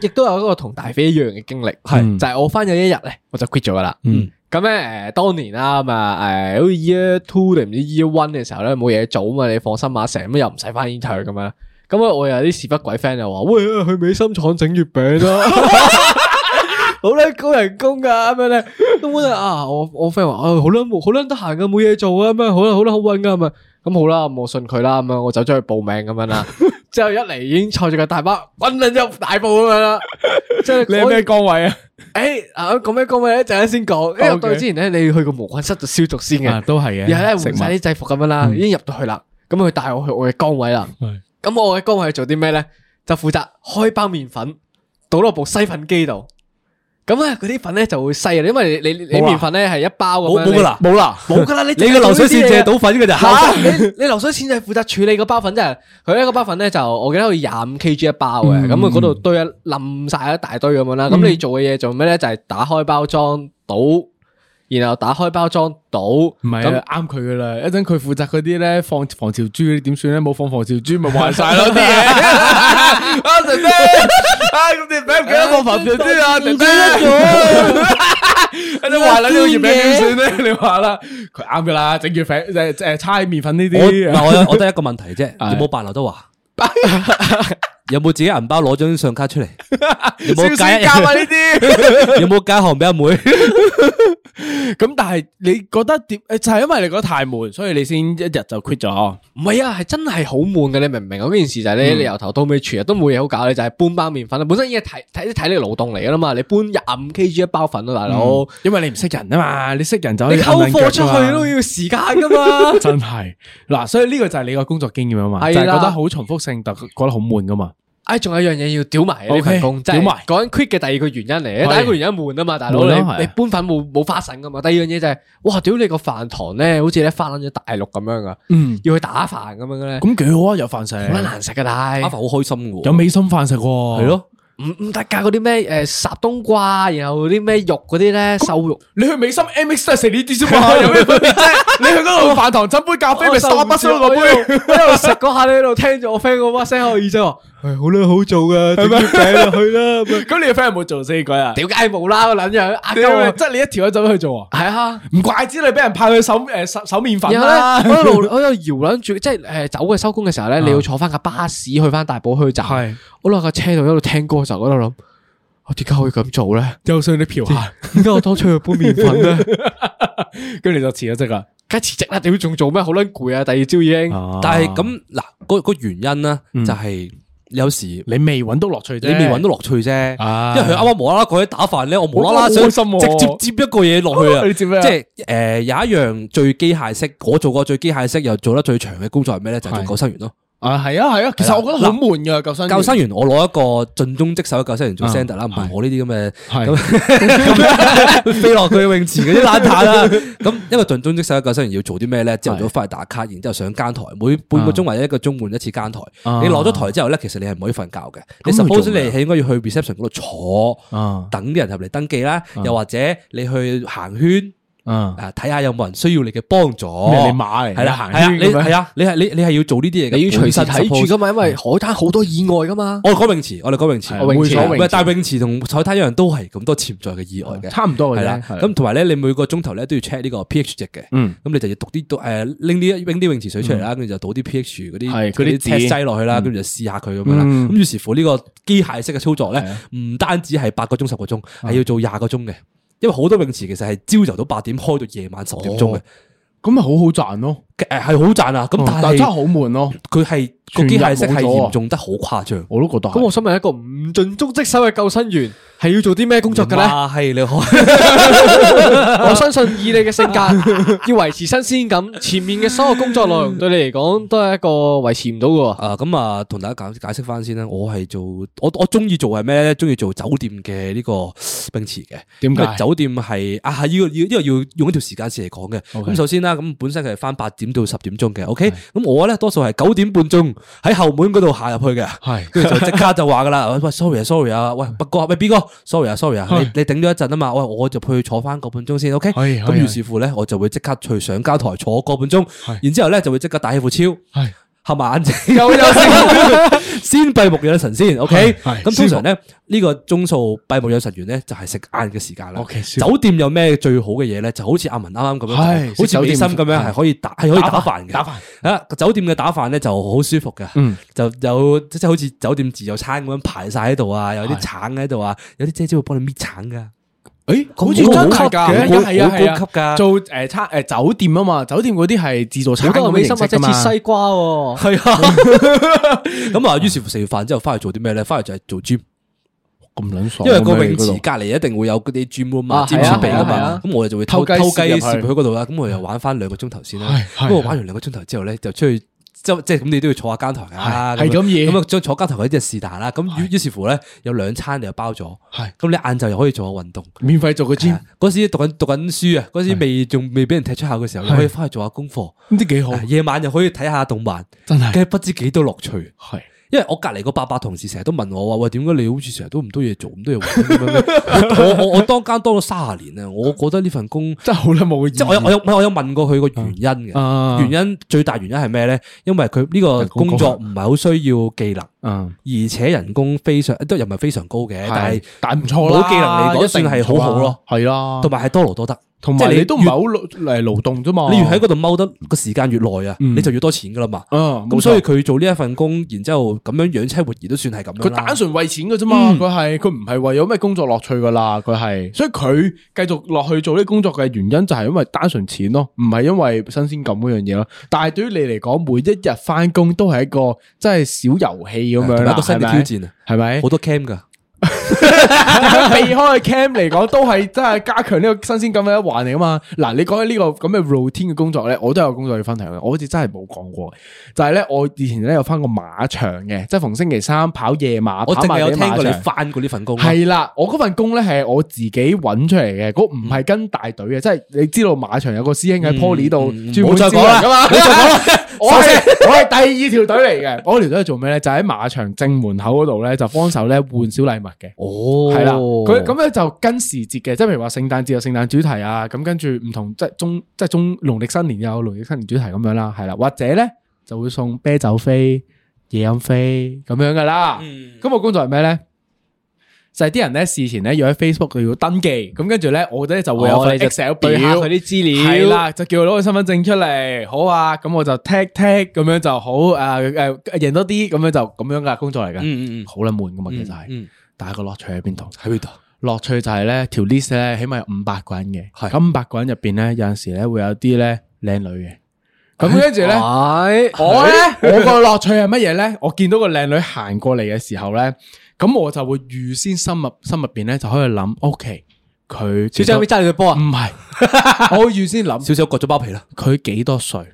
亦都有一個同大飛一樣嘅經歷，係 就係、是、我翻咗一日咧，我就 quit 咗噶啦。嗯，咁咧誒當年啦嘛，誒好似 year two 定唔知 year one 嘅時候咧，冇嘢做啊嘛，你放心啊，成日又唔使翻 inter 咁樣。咁啊，我又有啲屎忽鬼 friend 又話，喂，去美心廠整月餅啦，好叻，高人工噶咁樣咧。咁嗰陣啊，我我 friend 話，啊，好啦，冇好啦，得閒噶，冇嘢做啊，咁樣好啦，好啦，好搵噶，咁啊，咁好啦，咁我信佢啦，咁樣我走咗去報名咁樣啦。之後一嚟已經坐住架大巴，搵緊入大埔咁樣啦。即係你咩崗位啊？誒，啊，講咩崗位一陣先講。因為入到去之前咧，你要去個無菌室度消毒先嘅，都係嘅。然後咧換晒啲制服咁樣啦，已經入到去啦。咁佢帶我去我嘅崗位啦。咁我嘅崗位做啲咩咧？就負責開包麵粉，倒落部篩粉機度。咁咧，嗰啲粉咧就會細啊，因為你你你麵粉咧係一包嘅，冇啦了，冇啦你，冇噶啦！你了你個流水線淨係倒粉噶咋？吓，你流水線就係負責處理嗰包粉，即係佢一個包粉咧就我記得佢廿五 Kg 一包嘅，咁佢嗰度堆啊冧晒一大堆咁樣啦。咁、嗯、你做嘅嘢做咩咧？就係、是、打開包裝倒。然後打開包裝到，唔係啊，啱佢噶啦！一陣佢負責嗰啲咧，放防潮珠嗰啲點算咧？冇放防潮珠咪壞晒咯啲嘢。阿陳生，阿月餅唔記得放防潮珠啊？陳生，一陣壞啦，呢個月餅點算咧？你話啦，佢啱噶啦，整月餅誒誒，差麵粉呢啲。我我我得一個問題啫，你冇扮劉德華。有冇自己銀包攞張相卡出嚟？少時間啊呢啲，有冇加行俾阿妹？咁但係你覺得點？就係因為你覺得太悶，所以你先一日就 quit 咗。唔係啊，係真係好悶嘅，你明唔明？嗰件事就係咧，你由頭到尾全日都冇嘢好搞咧，你就係搬包麵粉啦。本身已經係體體啲體力勞動嚟噶啦嘛，你搬廿五 K G 一包粉啊，大佬。因為你唔識人啊嘛，你識人就你偷貨出去都要時間噶嘛。真係嗱，所以呢個就係你個工作經驗啊嘛，就係覺得好重複性，特覺得好悶噶嘛。哎，仲有一樣嘢要屌埋呢份工，即係講緊 quit 嘅第二個原因嚟。第一個原因悶啊嘛，大佬你你搬粉冇冇花神噶嘛。第二樣嘢就係，哇，屌你個飯堂咧，好似咧翻咗大陸咁樣噶，要去打飯咁樣咧。咁幾好啊，有飯食，好難食噶，但係打飯好開心噶，有美心飯食係咯，唔唔得噶嗰啲咩誒，什冬瓜，然後啲咩肉嗰啲咧，瘦肉。你去美心 MX 都係食呢啲啫嘛，有咩？你去嗰度飯堂斟杯咖啡咪沙乜聲個杯，一路食嗰下咧，一路聽住我 friend 把聲喺度耳仔。係好撚好做噶直接頂落去啦。咁你嘅 friend 冇做死鬼啊？點解冇啦？我捻住阿，即係你一條友走咗去做啊？係啊，唔怪之你俾人派去守誒，守麵粉啦。我喺度搖捻住，即係誒，走嘅收工嘅時候咧，你要坐翻架巴士去翻大埔墟站。係我落架車度一路聽歌嘅時候，我喺度諗，我點解可以咁做咧？又想啲嫖客，點解我當初去搬麵粉咧？跟住你就辭咗職啊！梗係辭職啦，點仲做咩？好撚攰啊！第二朝已經，但係咁嗱，嗰個原因咧就係。有時你未搵到樂趣，啫，你未搵到樂趣啫，啊、因為佢啱啱無啦啦講啲打飯咧，我無啦啦想直接接一個嘢落去啊，即，即係誒有一樣最機械式，我做過最機械式又做得最長嘅工作係咩咧？就係、做、救生員咯。啊，係啊，係啊，其實我覺得好悶噶，救生員。救生員，我攞一個盡忠職守嘅救生員做 center 啦，唔係我呢啲咁嘅咁咁樣飛落去泳池嗰啲懶蛋啦。咁一個盡忠職守嘅救生員要做啲咩咧？朝頭早翻去打卡，然之後上更台，每半個鐘或者一個鐘換一次更台。你落咗台之後咧，其實你係唔可以瞓覺嘅。你首先你係應該要去 reception 嗰度坐，等啲人入嚟登記啦，又或者你去行圈。嗯，睇下有冇人需要你嘅幫助，你買係啦，行呢邊係啊，你係你你係要做呢啲嘢嘅，要隨時睇住噶嘛，因為海灘好多意外噶嘛。我哋講泳池，我哋講泳池，泳池，唔係，但泳池同海灘一樣，都係咁多潛在嘅意外嘅，差唔多嘅係啦。咁同埋咧，你每個鐘頭咧都要 check 呢個 pH 值嘅，咁你就要讀啲，誒，拎啲啲泳池水出嚟啦，跟住就倒啲 pH 嗰啲嗰啲劑落去啦，跟住就試下佢咁樣啦。咁，於是乎呢個機械式嘅操作咧，唔單止係八個鐘、十個鐘，係要做廿個鐘嘅。因為好多泳池其實係朝頭早八點開到夜晚十點鐘嘅，咁咪好好賺咯。誒，係好賺啊！咁但係真係好悶咯。佢係個機械式係嚴重得好誇張，我都覺得。咁我想問一個唔盡忠職守嘅救生員係要做啲咩工作嘅咧？係你好， 我相信以你嘅性格，要維持新鮮感，前面嘅所有工作內容對你嚟講都係一個維持唔到嘅。啊，咁啊，同大家解解釋翻先啦。我係做，我我中意做係咩咧？中意做酒店嘅呢個泳池嘅。點解？酒店係啊，係要要，因為要，要，要，要用一條時間線嚟講嘅。咁 Okay. 首先啦，咁、啊、本身佢係翻八折。五到十點鐘嘅，OK，咁是的 我咧多數係九點半鐘喺後門嗰度行入去嘅，係，是的 跟住就即刻就話噶啦， 喂，sorry 啊，sorry 啊，喂，不哥，喂 B 哥，sorry 啊，sorry 啊，你你頂咗一陣啊嘛，我我就去坐翻個半鐘先，OK，咁於是，的 是乎咧，我就會即刻去上交台坐個半鐘，是的 然之後咧就會即刻打起副超。是的 合埋眼睛， 先閉目養神先，OK 是是。咁通常咧呢服個鐘數閉目養神完咧就係食晏嘅時間啦。Okay，酒店有咩最好嘅嘢咧？就好似阿文啱啱咁樣，是好似美心咁樣，係可以打係飯可以打飯嘅打飯啊！酒店嘅打飯咧就，嗯、就，就好舒服嘅，就有即係好似酒店自助餐咁樣排晒喺度啊，有啲橙喺度啊，是有啲姐姐會幫你搣橙噶。誒，好似高級嘅，係啊係啊，高級噶，做誒餐誒酒店啊嘛，酒店嗰啲係自助餐類型嘅嘛，即切西瓜喎，係啊，咁啊，於是乎食完飯之後翻去做啲咩咧？翻去就係做 gym，咁爽，因為個泳池隔籬一定會有嗰啲 gym 啊嘛，gym 設備啊嘛，咁我哋就會偷雞偷雞入去嗰度啦，咁我又玩翻兩個鐘頭先啦，咁我玩完兩個鐘頭之後咧就出去。即即咁，你都要坐下監台啊，係咁咁啊，將坐監台嗰啲就是但啦。咁於於是乎咧，有兩餐你又包咗。係。咁你晏晝又可以做下運動，免費做個 gym。嗰時讀緊讀緊書啊，嗰時未仲未俾人踢出校嘅時候，你可以翻去做下功課，唔知幾好。夜晚又可以睇下動漫，真係，梗係，不知幾多樂趣。係。因為我隔籬個伯伯同事成日都問我話，喂，點解你好似成日都唔多嘢做咁多嘢玩咩咩？我我我當間當咗三十年啊！我覺得呢份工真係好啦冇，即係我我有我有，我有問過佢個原因嘅，嗯、原因、啊、最大原因係咩咧？因為佢呢個工作唔係好需要技能，嗯、而且人工非常都又唔係非常高嘅，嗯、但係是但唔錯啦，冇技能嚟講算係好好咯，係啦、啊，同埋係多勞多得。同埋你都唔係好嚟勞動啫嘛、嗯，你越喺嗰度踎得個時間越耐啊，你就越多錢噶啦嘛。咁、嗯啊、所以佢做呢一份工，然之後咁樣養妻活兒都算係咁樣。佢單純為錢噶啫嘛，佢係佢唔係為咗咩工作樂趣噶啦，佢係。所以佢繼續落去做呢工作嘅原因就係因為單純錢咯，唔係因為新鮮感嗰樣嘢咯。但係對於你嚟講，每一日翻工都係一個真係小遊戲咁樣啦，係咪新挑戰啊？係咪好多 cam 噶？ 避開 cam 嚟講，都係真係加強呢個新鮮感嘅一環嚟啊嘛。嗱，你講起呢個咁嘅 routine 嘅工作咧，我都有工作要分享嘅。我好似真係冇講過，就係咧，我以前咧有翻過馬場嘅，即係逢星期三跑夜馬。我正係有聽過你翻過呢份工。係啦，我嗰份工咧係我自己搵出嚟嘅，嗰唔係跟大隊嘅，即係你知道馬場有個師兄喺 Poly 度。我再講啦，你再講啦。我我係第二條隊嚟嘅，我條隊係做咩咧？就喺馬場正門口嗰度咧，就幫手咧換小禮物嘅。哦，係啦，佢咁咧就跟時節嘅，即係譬如話聖誕節有聖誕主題啊，咁跟住唔同即係中即係中農曆新年有農曆新年主題咁樣啦，係啦，或者咧就會送啤酒飛、夜飲飛咁樣噶啦。咁我工作係咩咧？就係啲人咧事前咧要喺 Facebook 度要登記，咁跟住咧，我咧就會有份 Excel 表，對下佢啲資料，係啦，就叫佢攞個身份證出嚟，好啊，咁我就 take take 咁樣就好，誒誒，贏多啲，咁樣就咁樣噶工作嚟噶，嗯嗯嗯，好啦，悶噶嘛，其實係。但係個樂趣喺邊度？喺邊度？樂趣就係咧，條 list 咧，起碼有五百個人嘅。係咁五百個人入邊咧，有陣時咧會有啲咧靚女嘅。咁跟住咧，我咧，我個樂趣係乜嘢咧？我見到個靚女行過嚟嘅時候咧，咁我就會預先心入心入邊咧就可以諗，OK，佢小，小姐會揸你隻波啊？唔係是， 我預先諗， 小小割咗包皮啦。佢幾多歲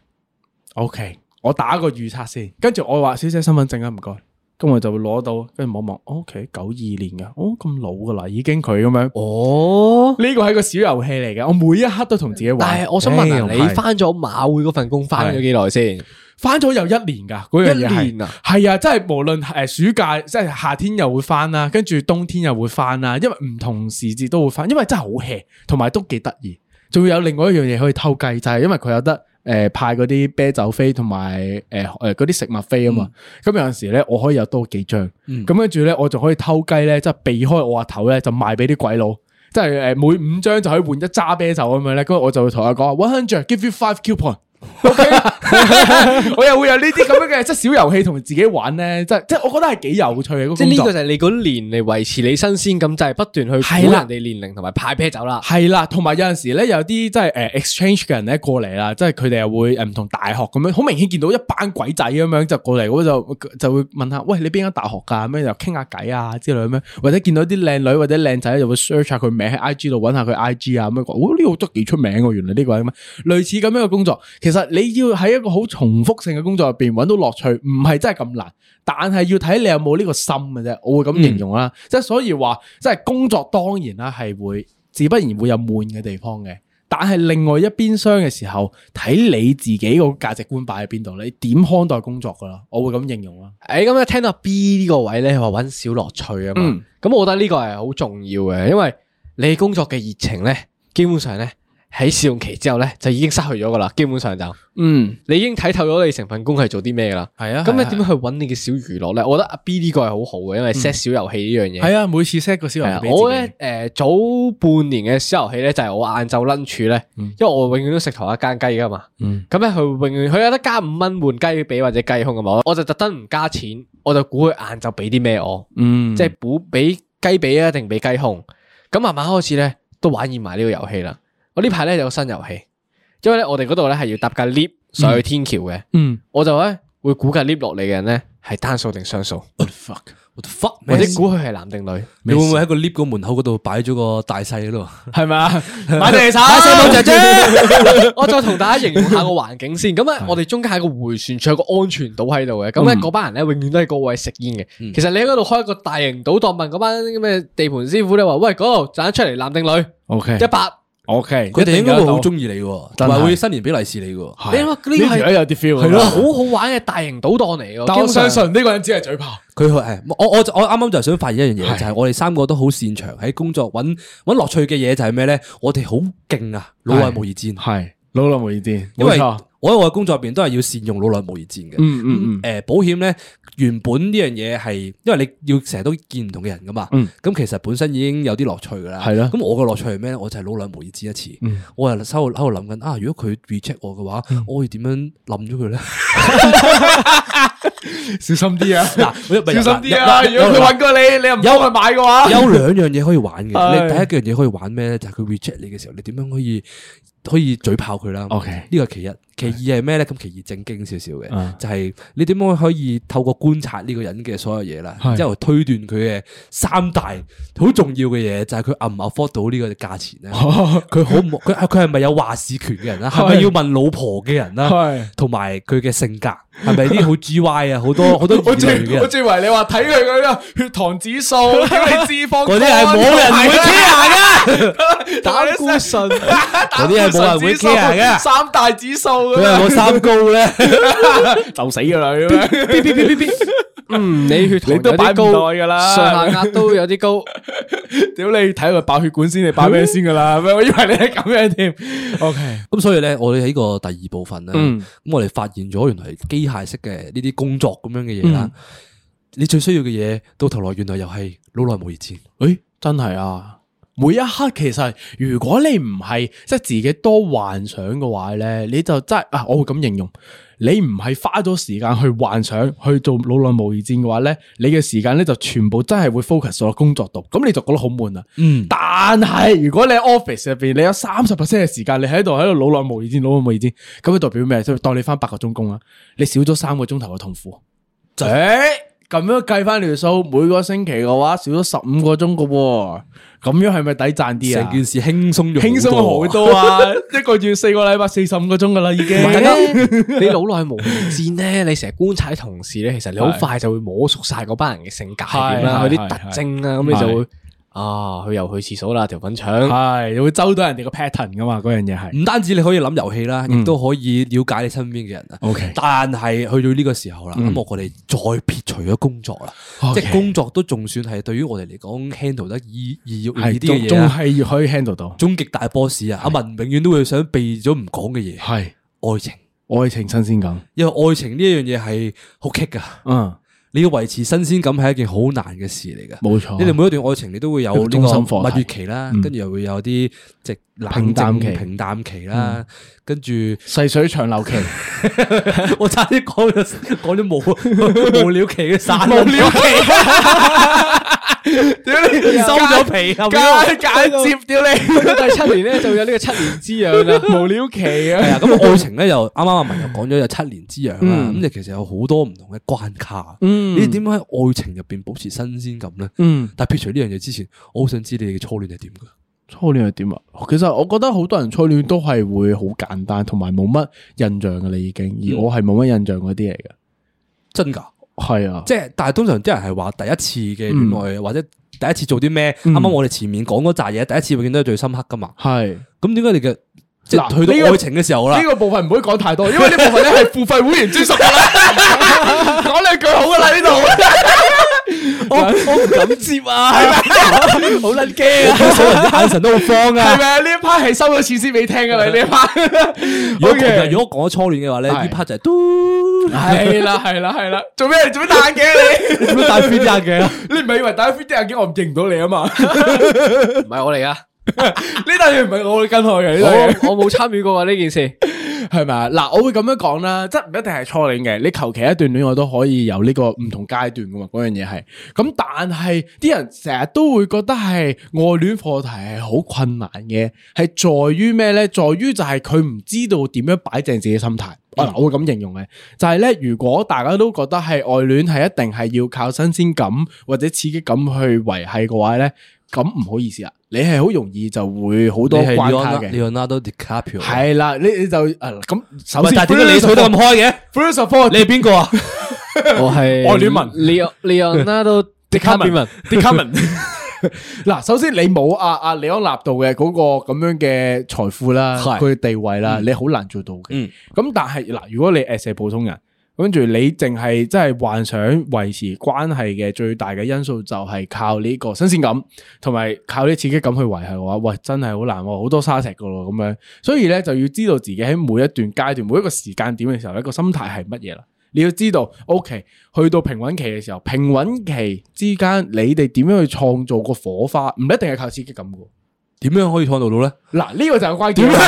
？OK，我打個預測先。跟住我話，小姐身份證啊，唔該。咁我就會攞到，跟住望望，O K，九二年噶，哦，咁老噶啦，已經佢咁樣。哦，呢個係個小遊戲嚟嘅，我每一刻都同自己玩。但係我想問下你，翻咗馬會嗰份工翻咗幾耐先？翻咗有一年噶，嗰樣嘢係啊，真係、啊、無論誒暑假，即係夏天又會翻啦，跟住冬天又會翻啦，因為唔同時節都會翻，因為真係好 hea，同埋都幾得意，仲要有，有另外一樣嘢可以偷計，就係、是、因為佢有得。誒、呃、派嗰啲啤酒飛同埋誒誒嗰啲食物飛啊嘛，咁、嗯、有陣時咧我可以有多幾張，咁跟住咧我仲可以偷雞咧，即係避開我阿頭咧就賣俾啲鬼佬，即係誒每五張就可以換一揸啤酒咁樣咧，跟住我就會同佢講，one hundred give you five coupon，ok、okay？ 我又會有呢啲咁樣嘅即係小遊戲同自己玩咧，即係即係我覺得係幾有趣嘅。即係呢個就係你嗰年嚟維持你新鮮咁，就係、是、不斷去估對啦 人哋年齡同埋派啤酒啦。係啦，同埋有陣時咧有啲即係誒 exchange 嘅人咧過嚟啦，即係佢哋又會唔同大學咁樣，好明顯見到一班鬼仔咁樣就過嚟，我就就會問下喂，你邊間大學噶咩？就傾下偈啊之類咁樣，或者見到啲靚女或者靚仔就會 search 下佢名喺 IG 度揾下佢 IG 啊咁樣。哦，呢個都幾出名喎，原來呢個係咁樣類似咁樣嘅工作，其實你要喺一個好重複性嘅工作入邊揾到樂趣，唔係真係咁難，但係要睇你有冇呢個心嘅啫。我會咁形容啦，即係、嗯、所以話，即係工作當然啦係會自不然會有悶嘅地方嘅，但係另外一邊廂嘅時候，睇你自己個價值觀擺喺邊度，你點看待工作噶啦？我會咁形容啦。誒，咁咧聽到 B 呢個位咧，話揾小樂趣啊嘛，咁我覺得呢個係好重要嘅，因為你工作嘅熱情呢，基本上呢，喺試用期之後咧，就已經失去咗噶啦，基本上就，嗯，你已經睇透咗你成份工係做啲咩噶啦。係啊，咁你點樣去揾你嘅小娛樂咧？我覺得阿 B 呢個係好好嘅，因為 set 小遊戲呢樣嘢，係、嗯、啊，每次 set 個小遊戲，我咧誒、呃、早半年嘅小遊戲咧就係、是、我晏晝 lunch 咧，嗯、因為我永遠都食同一間雞噶嘛，咁咧佢永遠佢有得加五蚊換雞髀或者雞胸嘅嘛，我就特登唔加錢，我就估佢晏晝俾啲咩我，嗯、即係估俾雞髀啊定俾雞胸，咁慢慢開始咧都玩厭埋呢個遊戲啦。我呢排咧有個新遊戲，因為咧我哋嗰度咧係要搭架 lift 上去天橋嘅，我就咧會估計 lift 落嚟嘅人咧係單數定雙數，我哋估佢係男定女，你會唔會喺個 lift 個門口嗰度擺咗個大細咯？係嘛，擺地手，擺細手姐姐。我再同大家形容下個環境先，咁啊，我哋中間係個回旋，仲有個安全島喺度嘅，咁咧嗰班人咧永遠都係嗰位食煙嘅。其實你喺嗰度開一個大型賭檔，問嗰班咩地盤師傅咧話，喂，嗰度賺出嚟男定女？O K，一百。O K，佢哋應該會好中意你，同埋會新年俾利是你嘅。你話呢個係有啲 feel 喎。係啊，好好玩嘅大型賭檔嚟嘅。但我相信呢個人只係嘴炮。佢係我我我啱啱就想發現一樣嘢，就係我哋三個都好擅長喺工作搵搵樂趣嘅嘢，就係咩咧？我哋好勁啊，老來無二戰。係老來無二戰。冇錯。我喺我嘅工作入邊都係要善用老來無二戰嘅、嗯，嗯嗯嗯，誒、呃，保險咧，原本呢樣嘢係，因為你要成日都見唔同嘅人噶嘛，嗯，咁其實本身已經有啲樂趣噶啦，係咯、嗯，咁我嘅樂趣係咩咧？我就係老來無二戰一次，嗯、我又喺度喺度諗緊，啊，如果佢 reject 我嘅話，嗯、我會點樣冧咗佢咧？嗯 小心啲啊！小心啲啊！啊啊啊啊啊啊啊，如果佢搵過你，你又唔有去買嘅話，有兩樣嘢可以玩嘅。的你第一樣嘢可以玩咩咧？就係佢 reject 你嘅時候，你點樣可以可以嘴炮佢啦？呢個 Okay. 其一，其二係咩咧？咁其二正經少少嘅，就係、是、你點樣可以透過觀察呢個人嘅所有嘢啦，即係推斷佢嘅三大好重要嘅嘢，就係佢唔 afford 到呢個價錢咧？佢好佢係咪有話事權嘅人啦？係咪的要問老婆嘅人啦？同埋佢嘅性格。的 係咪啲好 G Y 啊？好多好多，多我最自我以為你話睇佢佢個血糖指數，因為脂肪嗰啲係冇人會 care 噶，膽固醇，嗰啲係冇人會 care 噶，三大指數，佢係冇三高咧， 就死噶啦咁樣。嗯，你血糖都擺高，上壓都有啲高。屌 你睇佢爆血管先，你擺咩先噶啦？ 我以為你係咁樣添。OK，咁所以咧，我哋喺個第二部分咧，咁、嗯、我哋發現咗，原來機械式嘅呢啲工作咁樣嘅嘢啦，嗯、你最需要嘅嘢，到頭來原來又係老耐無以前。誒、欸，真係啊！每一刻其實，如果你唔係即係自己多幻想嘅話咧，你就真係啊！我會咁形容。你唔係花咗時間去幻想去做腦內模擬戰嘅話呢，你嘅時間呢就全部真係會 focus 落工作度，咁你就覺得好悶啦。嗯，但，但係如果你喺 office 入邊，你有三十 percent 嘅時間你喺度喺度腦內模擬戰、腦內模擬戰，咁樣代表咩？即係當你翻八個鐘工啦，你少咗三個鐘頭嘅痛苦。誒、欸，咁樣計翻條數，每個星期嘅話少咗十五個鐘嘅喎。咁樣係咪抵讚啲啊？成件事輕鬆咗，輕鬆咗好多啊！ 一個月四個禮拜四十五個鐘噶啦，已經、啊。在 你老來無事咧， 你成日觀察啲同事咧，其實你好快就會摸熟晒嗰班人嘅性格係點啦，佢啲是樣特徵啊，咁你就會。啊！佢又去廁所啦，條粉腸係又會周到人哋個 pattern 噶嘛？嗰樣嘢係唔單止你可以諗遊戲啦，亦都可以了解你身邊嘅人啊。OK，但係去到呢個時候啦，咁我哋再撇除咗工作啦，即係工作都仲算係對於我哋嚟講 handle 得易易要啲嘢啊，仲係可以 handle 到終極大 boss 啊！阿文永遠都會想避咗唔講嘅嘢，係愛情，愛情新鮮感，因為愛情呢一樣嘢係好 kick 噶，嗯。你要維持新鮮感係一件好難嘅事嚟嘅，冇錯。你哋每一段愛情你都會有呢個蜜月期啦，跟住又會有啲即冷淡期、平淡期啦，跟住細水長流期。 我差啲講咗講咗無了無聊期嘅散無了期。 屌你，收咗皮，夾夾接屌你！咁第七年咧就有呢個七年之癢啦，無了期啊！係啊，咁愛情咧又啱啱阿文又講咗有七年之癢啦，咁你其實有好多唔同嘅關卡。嗯，你點樣喺愛情入邊保持新鮮感咧？嗯，但撇除呢樣嘢之前，我好想知你哋嘅初戀係點噶？初戀係點啊？其實我覺得好多人初戀都係會好簡單，同埋冇乜印象噶。你已經而我係冇乜印象嗰啲嚟嘅。真噶。係是啊，即係，但係通常啲人係話第一次嘅戀愛，嗯、或者第一次做啲咩，啱啱、嗯、我哋前面講嗰扎嘢，第一次會見到最深刻㗎嘛？係是，咁點解你嘅？即係去到愛情嘅時候啦、這個，呢、這個部分唔可以講太多，因為呢部分咧係付費會員專屬噶啦。講兩句好噶啦呢度， 我我唔敢接啊，係咪？ 好撚驚啊，啲眼神都好慌啊，係咪？呢一 part 係收咗錢先俾聽噶啦呢一 part Okay.。如果其實如果講初戀嘅話咧，呢 part 是 就係、是、嘟，係啦係啦係啦，做咩做咩戴眼鏡啊？ 你做咩戴 fit 戴眼鏡？你唔係以為戴 fit 戴眼鏡我認唔到你啊嘛？唔係我嚟啊！呢單嘢唔係我會跟開嘅，我我冇參與過呢件事，係咪啊？嗱，我會咁樣講啦，即係唔一定係初戀嘅，你求其一段戀愛，我都可以有呢個唔同階段噶嘛，嗰樣嘢係。咁但係啲人成日都會覺得係愛戀課題係好困難嘅，係在於咩呢？在於就係佢唔知道點樣擺正自己心態。我我會咁形容嘅，就係呢，如果大家都覺得係愛戀係一定係要靠新鮮感或者刺激感去維繫嘅話呢。咁唔好意思啊，你係好容易就會好多關卡嘅。Leonardo DiCaprio 係啦，你你就誒咁、啊、首先，點解你睇得咁開嘅？First of all，, first of all, first of all 你係邊個啊？我係愛戀文 Leon Leonardo DiCaprio DiCaprio。嗱，首先你冇啊，阿 Leonardo 嘅嗰個咁樣嘅財富啦，佢嘅地位啦，你好難做到嘅。咁、嗯、但係嗱、啊，如果你誒係普通人。跟住你淨係即係幻想維持關係嘅最大嘅因素就係靠呢個新鮮感，同埋靠啲刺激感去維繫嘅話，喂，真係好難，好多沙石噶咯咁樣。所以咧就要知道自己喺每一段階段，每一個時間點嘅時候，呢個心態係乜嘢啦。你要知道，OK，去到平穩期嘅時候，平穩期之間你哋點樣去創造個火花，唔一定係靠刺激感噶。點樣可以創造到呢？嗱，呢、這個就係關鍵啦。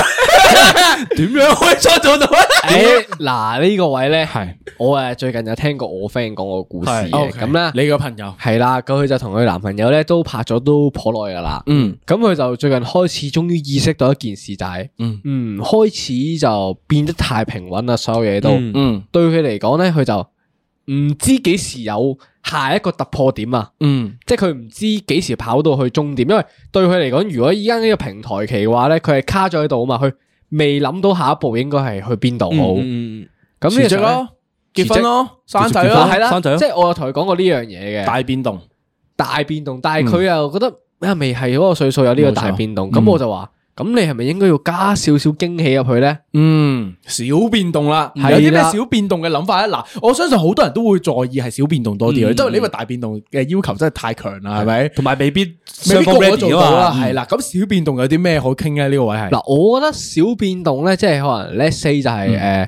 點樣， 樣可以創造到呢？誒、哎，嗱，呢、這個位咧，係是我誒最近有聽過我 friend 講個故事咁咧，okay, 那你個朋友係啦，咁佢就同佢男朋友咧都拍咗都頗耐噶啦。嗯，咁佢就最近開始終於意識到一件事就係，嗯，嗯，開始就變得太平穩啦，所有嘢都嗯，嗯，對佢嚟講咧，佢就。唔知幾時有下一個突破點啊！嗯，即係佢唔知幾時跑到去終點，因為對佢嚟講，如果依家呢個平台期嘅話咧，佢係卡咗喺度啊嘛，佢未諗到下一步應該係去邊度好。咁呢個時候咧，結婚咯，婚咯生仔咯，係啦婚，對生仔即係我同佢講過呢樣嘢嘅大變動，大變動，但係佢又覺得啊，未係嗰個歲數有呢個大變動，咁、嗯、我就話。咁你係咪應該要加少少驚喜入去咧？嗯，小變動啦，有啲咩小變動嘅諗法咧？嗱，我相信好多人都會在意係小變動多啲，因為呢個大變動嘅要求真係太強啦，係咪？同埋未必未必做到啦，係啦。咁小變動有啲咩可傾咧？呢個位係嗱，我覺得小變動咧，即係可能，let’s say 就係誒，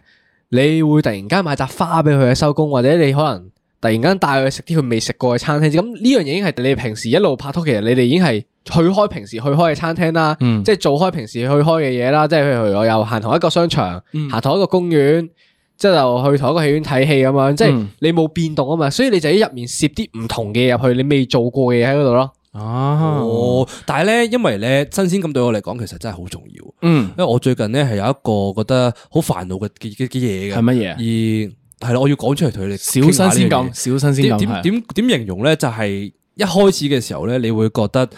你會突然間買扎花俾佢去收工，或者你可能。突然間帶佢去食啲佢未食過嘅餐廳，咁呢樣嘢已經係你平時一路拍拖，其實你哋已經係去開平時去開嘅餐廳啦，嗯、即係做開平時去開嘅嘢啦，即係譬如我又行同一個商場，嗯、行同一個公園，即係就去同一個戲院睇戲咁樣，即係你冇變動啊嘛，所以你就喺入面攝啲唔同嘅入去，你未做過嘅嘢喺嗰度咯。哦，哦，哦，但係呢，因為呢，新鮮感對我嚟講，其實真係好重要。嗯、因為我最近呢，係有一個覺得好煩惱嘅嘅嘢嘅。係乜嘢？而係啦，我要講出嚟同佢哋小新鮮感，小新鮮感係點點點形容咧？就係一開始嘅時候咧，你會覺得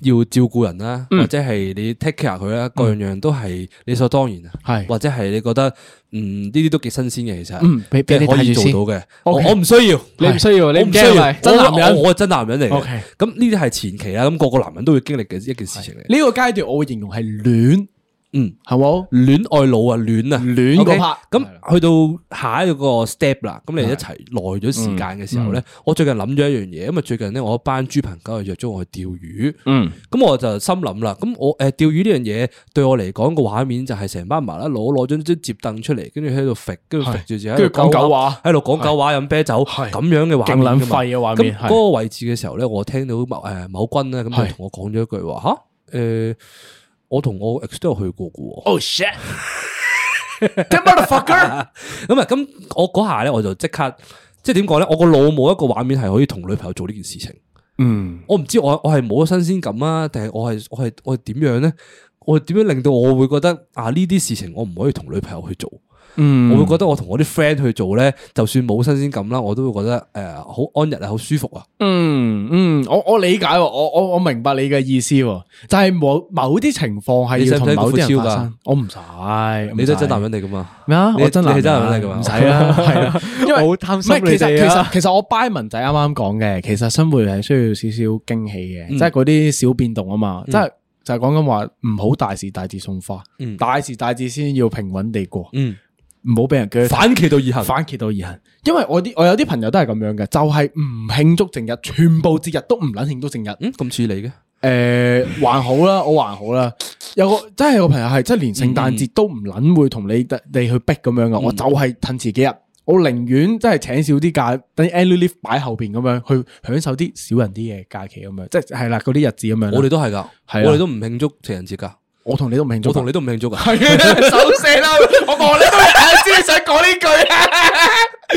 要照顧人啦，或者係你 take care 佢啦，各樣樣都係理所當然啊。係或者係你覺得嗯呢啲都幾新鮮嘅，其實即係可以做到嘅。我我唔需要，你唔需要，你唔需要。真男人，我係真男人嚟。OK，咁呢啲係前期啦，咁個個男人都會經歷嘅一件事情嚟。呢個階段我會形容係戀。嗯，係冇戀愛腦啊，戀啊，戀嗰 part。咁去到下一個 step 啦，咁你一齊耐咗時間嘅時候咧，我最近諗咗一樣嘢。因為最近咧我一班豬朋狗友約咗我去釣魚。嗯，咁我就心諗啦。咁我誒釣魚呢樣嘢對我嚟講個畫面就係成班麻甩佬攞張張折凳出嚟，跟住喺度揈，跟住揈住自己，跟住講狗話，喺度講狗話，飲啤酒，咁樣嘅畫面，勁冷費嘅畫面。咁嗰個位置嘅時候咧，我聽到某誒某君咧咁同我講咗一句話，吓誒。我同我 ex 都有去過嘅。Oh shit！咁啊，咁我嗰下咧，我就即刻，即係點講咧？我個腦冇一個畫面係可以同女朋友做呢件事情。嗯、mm.，我唔知我我係冇咗新鮮感啊，定係我係我係我係點樣咧？我係點樣令到我會覺得，啊，呢啲事情我唔可以同女朋友去做。嗯，我會覺得我同我啲 friend 去做咧，就算冇新鮮感啦，我都會覺得誒好安逸啊，好舒服啊。嗯嗯，我我理解，我我我明白你嘅意思，就係某某啲情況係要同某啲人發生。我唔使。你真係真男人嚟噶嘛？咩啊？我真係真男人嚟噶嘛？唔使啦。係啊，因為好貪心。其實其實其實我 buy 文仔啱啱講嘅，其實生活係需要少少驚喜嘅，即係嗰啲小變動啊嘛，即係就係講緊話唔好大時大節送花，大時大節先要平穩地過。嗯。唔好俾人鋸，反其道而行，反其道而行。因為我啲我有啲朋友都係咁樣嘅，就係唔慶祝正日，全部節日都唔捻慶祝正日。嗯，咁處理嘅？誒、呃，還好啦，我還好啦。有個真係有個朋友係即係連聖誕節都唔捻會同你哋去逼咁樣噶，我就係延遲幾日，我寧願真係請少啲假，等 end leave 擺後邊咁樣去享受啲少人啲嘅假期咁樣，即係啦嗰啲日子咁樣。我哋都係噶，的我哋都唔慶祝情人節噶。我同你都唔慶祝，啊， 我同你都唔慶祝噶，手死啦！我我你都知你想講呢句，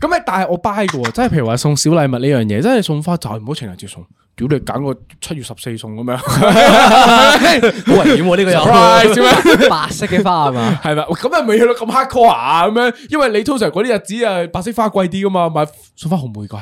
咁咩？但係我 buy 過，即係譬如話送小禮物呢樣嘢，即係送花就唔好情人節送，屌你揀個七月十四送咁樣，好 危險喎呢個又，Surprise, 啊、白色嘅花係嘛？係咪？ 咁又未去到咁黑 core 啊？咁樣，因為你通常嗰啲日子啊，白色花貴啲噶嘛，咪送花紅玫瑰。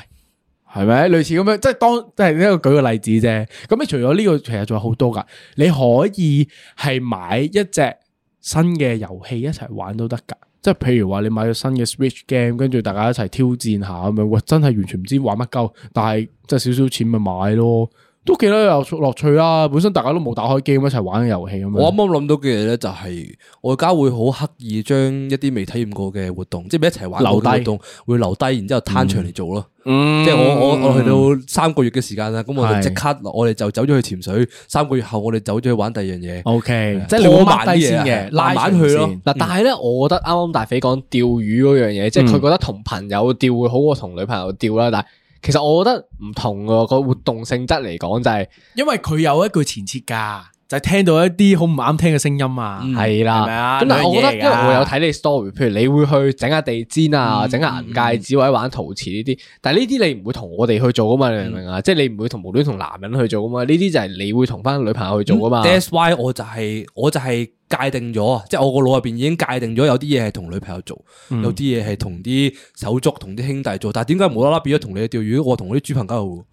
係咪類似咁樣？即係當即係呢個舉個例子啫。咁你除咗呢個，其實仲有好多噶。你可以係買一隻新嘅遊戲一齊玩都得噶。即係譬如話你買咗新嘅 Switch Game，跟住大家一齊挑戰下咁樣，真係完全唔知玩乜鳩。但係即係少少錢咪買咯。都幾多遊趣，樂趣啦！本身大家都冇打開機咁一齊玩遊戲咁樣。我啱啱諗到嘅嘢咧就係，我而家會好刻意將一啲未體驗過嘅活動，即係一齊玩嘅活動，會留低，然之後攤場嚟做咯。即係我我我去到三個月嘅時間啦，咁我哋即刻我哋就走咗去潛水。三個月後我哋走咗去玩第二樣嘢。O K，即係拖慢啲先嘅，慢慢去咯。嗱，但係咧，我覺得啱啱大肥講釣魚嗰樣嘢，即係佢覺得同朋友釣會好過同女朋友釣啦，但係。其實我覺得唔同喎，個活動性質嚟講，就係因為佢有一個前設㗎。就聽到一啲好唔啱聽嘅聲音啊，係啦、嗯，咁啊吧，但係我覺得因為我有睇你 story，譬如你會去整下地氈啊，整下、嗯、銀戒指或者玩陶瓷呢啲，嗯、但係呢啲你唔會同我哋去做噶嘛，你明唔明啊？即係、嗯、你唔會同無端同男人去做噶嘛，呢啲就係你會同翻女朋友去做噶嘛。嗯、That's why 我就係、是、我就係界定咗，即、就、係、是、我個腦入邊已經界定咗有啲嘢係同女朋友做，嗯、有啲嘢係同啲手足同啲兄弟做，但係點解無啦啦變咗同你去釣魚？我同我啲豬朋友。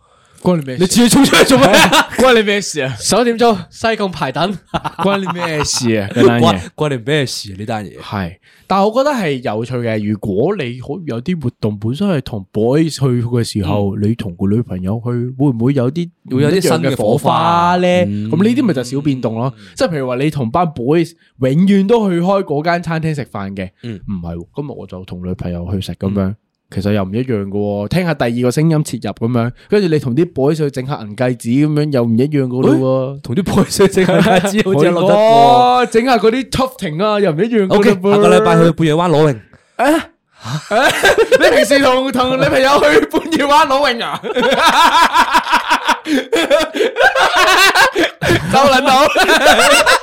關你咩事？你自己衝出去做咩？關你咩事啊？九點鐘西貢排等，關你咩事啊？關關你咩事啊？呢單嘢係，但係我覺得係有趣嘅。如果你好有啲活動，本身係同 boys 去嘅時候，你同個女朋友去，會唔會有啲有啲新嘅火花咧？咁呢啲咪就小變動咯。即係譬如話你同班 boys 永遠都去開嗰間餐廳食飯嘅，嗯，唔係。今日我就同女朋友去食咁樣。其實又唔一樣㗎，聽下第二個聲音切入咁樣，跟住你同啲擺碎整下銀戒指咁樣又唔一樣噶咯，同啲擺碎整下戒指 好似我整下嗰啲 topping 啊又唔一樣。O、okay, K 下個禮拜去半夜灣攞泳啊？你平時同同你朋友去半夜灣攞泳啊？收撚佬。